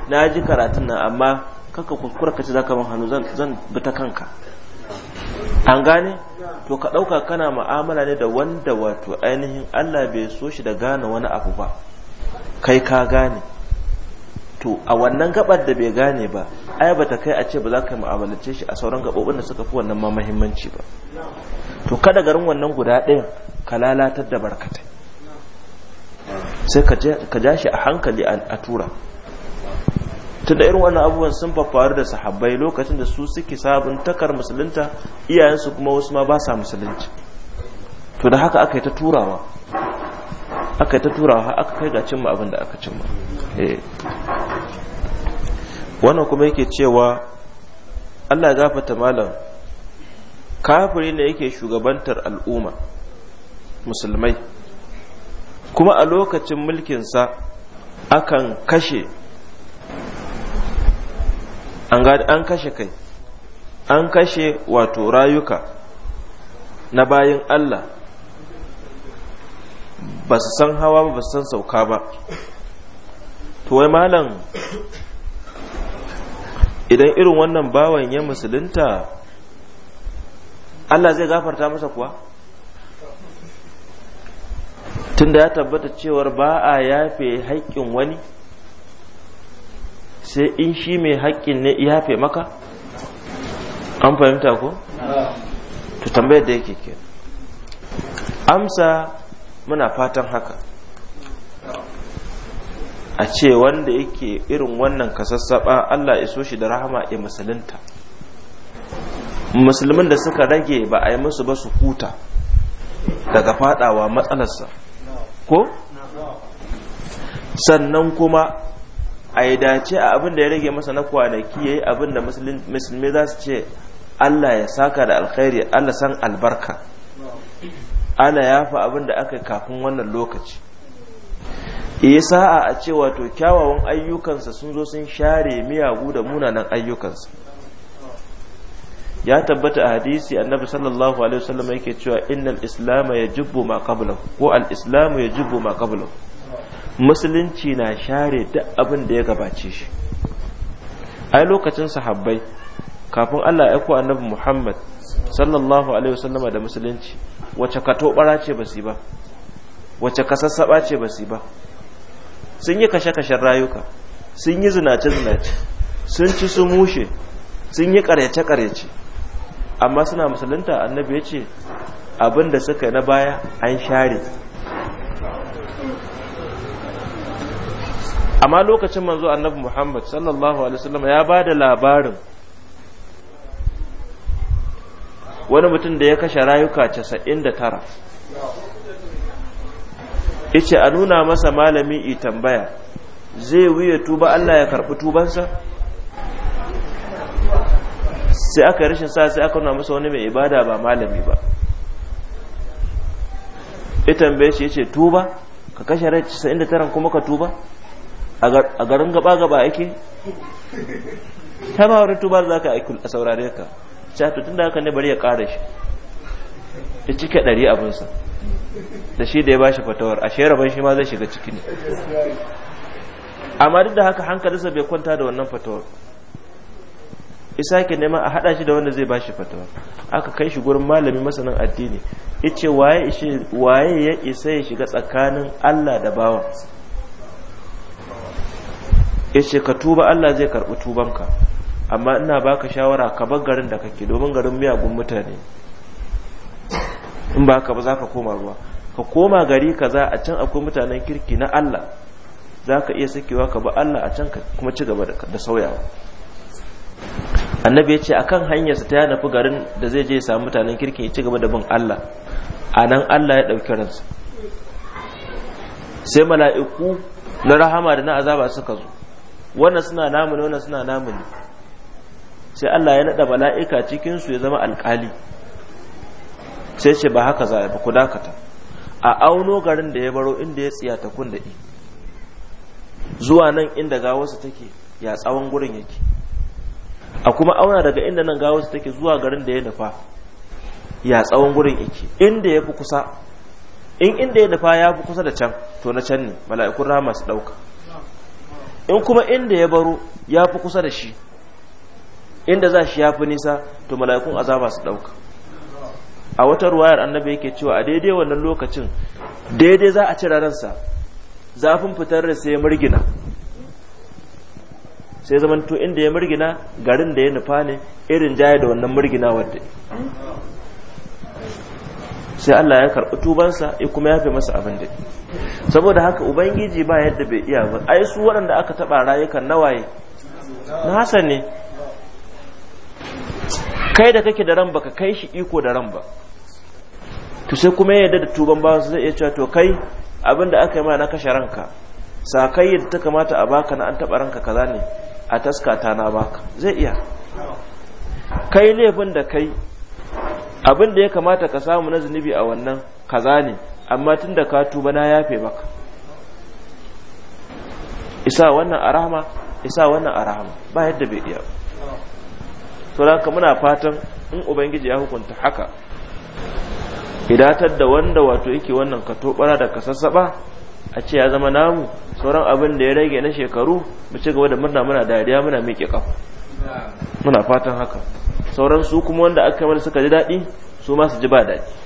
na ji karatun nan amma kaka kuskura ka ci zaka ban hannu zan bi ta kanka an gane to ka ɗauka kana ma'amala ne da wanda wato ainihin Allah bai so shi da gane wani abu ba kai ka gane to a wannan gabar da bai gane ba ai ba ta kai a ce ba za ka mu'amalance shi a sauran gabobin da suka fi wannan ma muhimmanci ba to kada garin wannan guda ɗayan ka lalatar da barkatai sai ka ja shi a hankali a tura tunda irin wannan abubuwan sun faru da sahabbai lokacin da su suke sabon takar musulunta iyayensu kuma wasu ma ba sa musulunci to da haka aka yi ta turawa aka yi ta turawa har aka kai ga cimma abin da aka cimma eh. wannan kuma yake cewa Allah gafata malam kafiri ne yake shugabantar al'umma musulmai kuma a lokacin mulkinsa akan kashe an an kashe kai an kashe wato rayuka na bayin Allah ba su san hawa ba su san sauka ba to wai malam idan irin wannan bawan ya musulunta Allah zai gafarta masa kuwa tunda ya tabbata cewar ba a yafe haƙƙin wani sai in shi mai haƙƙin ne ya fi maka an fahimta ko to tambayar da yake ke amsa muna fatan haka a ce wanda yake irin wannan kasassaba Allah iso shi da rahama ya musulunta musulmin da suka rage ba a yi musu ba su huta daga fadawa matsalarsa ko sannan kuma a yi dace a abin da ya rage masa na kwanaki ya yi abin da musulmi za su ce Allah ya saka da alkhairi Allah san albarka Allah ya fi abin da aka kafin wannan lokaci iya sa'a a ce wato kyawawan ayyukansa sun zo sun share miyagu da munanan ayyukansa ya tabbata a hadisi annabi sallallahu alaihi wasallam yake cewa innal islamu yajibu ma qablahu ko al islamu yajibbu ma qablahu musulunci na share duk abin da ya gabace shi ai lokacin sahabbai kafin Allah ya aiko annabi Muhammad sallallahu alaihi wasallama da musulunci wace ka tobara ce ba su ba wace sassaba ce ba su ba sun yi kashe-kashen rayuka sun yi zinace-zinace sun ci su mushe sun yi karyace-karyace amma suna musulunta annabi ya ce abin da suka na baya an share amma lokacin manzo annabi Muhammad sallallahu alaihi wasallam ya ba da labarin wani mutum da ya kashe rayuka 99 da tara a nuna masa malami i tambaya zai wuya tuba Allah ya karɓi tubansa sai aka yi rashin sa sai aka nuna masa wani mai ibada ba malami ba ita tambaye shi yace ce tuba ka kashe rayuka 99 kuma ka tuba a garin gaba gaba ake ta ba wani tubar za ka aiki a saurare ka cato tun da haka ne bari ya kara shi ta cike ɗari abinsa da shi da ya ba shi fatawar a ban shi ma zai shiga ciki ne amma duk da haka hankalinsa bai kwanta da wannan fatawar isa ke neman a haɗa shi da wanda zai ba shi fatawar aka kai shi gurin malami masanin addini ya ce waye ya isa ya shiga tsakanin allah da bawa? ya ce ka tuba Allah zai karbi tubanka amma ina baka shawara ka bar garin da kake domin garin miyagun mutane in ba ka ba za ka koma ruwa ka koma gari ka za a can akwai mutanen kirki na Allah za ka iya sakewa ka ba Allah a can kuma ci gaba da sauyawa annabi ya ce akan hanyarsa ta nafi garin da zai je ya samu mutanen kirki ya ci gaba da bin Allah a nan Allah ya ɗauki ransa sai mala'iku na rahama da na azaba suka zo wannan suna namu ne wannan suna namu ne sai Allah ya nada mala'ika cikin su ya zama alƙali sai ce ba haka za ba ku dakata a auno garin da ya baro inda ya tsiya ta kun daɗi zuwa nan inda gawarsa take ya tsawon gurin yake a kuma auna daga inda nan gawarsa take zuwa garin da ya nufa ya tsawon gurin yake inda ya fi kusa in inda ya nufa ya fi kusa da can to na can ne mala'ikun rama su ɗauka in kuma inda ya baro ya fi kusa da shi inda za shi ya fi nisa to mala'ikun azaba su ɗauka a wata ruwayar annabi yake cewa a daidai wannan lokacin daidai za a cire ransa zafin fitar da sai ya murgina sai zaman to inda ya murgina garin da ya nufa ne irin jaya da wannan murgina wadda sai Allah ya karɓi tubansa ya kuma yafe masa abin da ke. saboda haka ubangiji ba yadda bai iya ba ai su waɗanda aka taɓa rayukan nawaye na hasan ne kai da kake da ran ka kai shi iko da ran ba to sai kuma yadda da tuban ba zai iya cewa to kai abin da aka yi ma na kashe ranka Sa kai yadda ta kamata a baka na an taɓa ranka kaza ne a taskata na baka zai iya kai laifin da kai abin da ya kamata ka samu na zunubi a wannan kaza ne amma tun da ka tuba na yafe maka isa wannan a rahama isa wannan a rahama ba yadda bai iya ka muna fatan in ubangiji ya hukunta haka idatar da wanda wato yake wannan ka tobara da ka sassaba a ce ya zama namu sauran abin da ya rage na shekaru mu ci gaba da murna muna dariya muna miƙe kafa muna fatan haka sauran su kuma wanda aka mana suka ji daɗi su ma su ji ba daɗi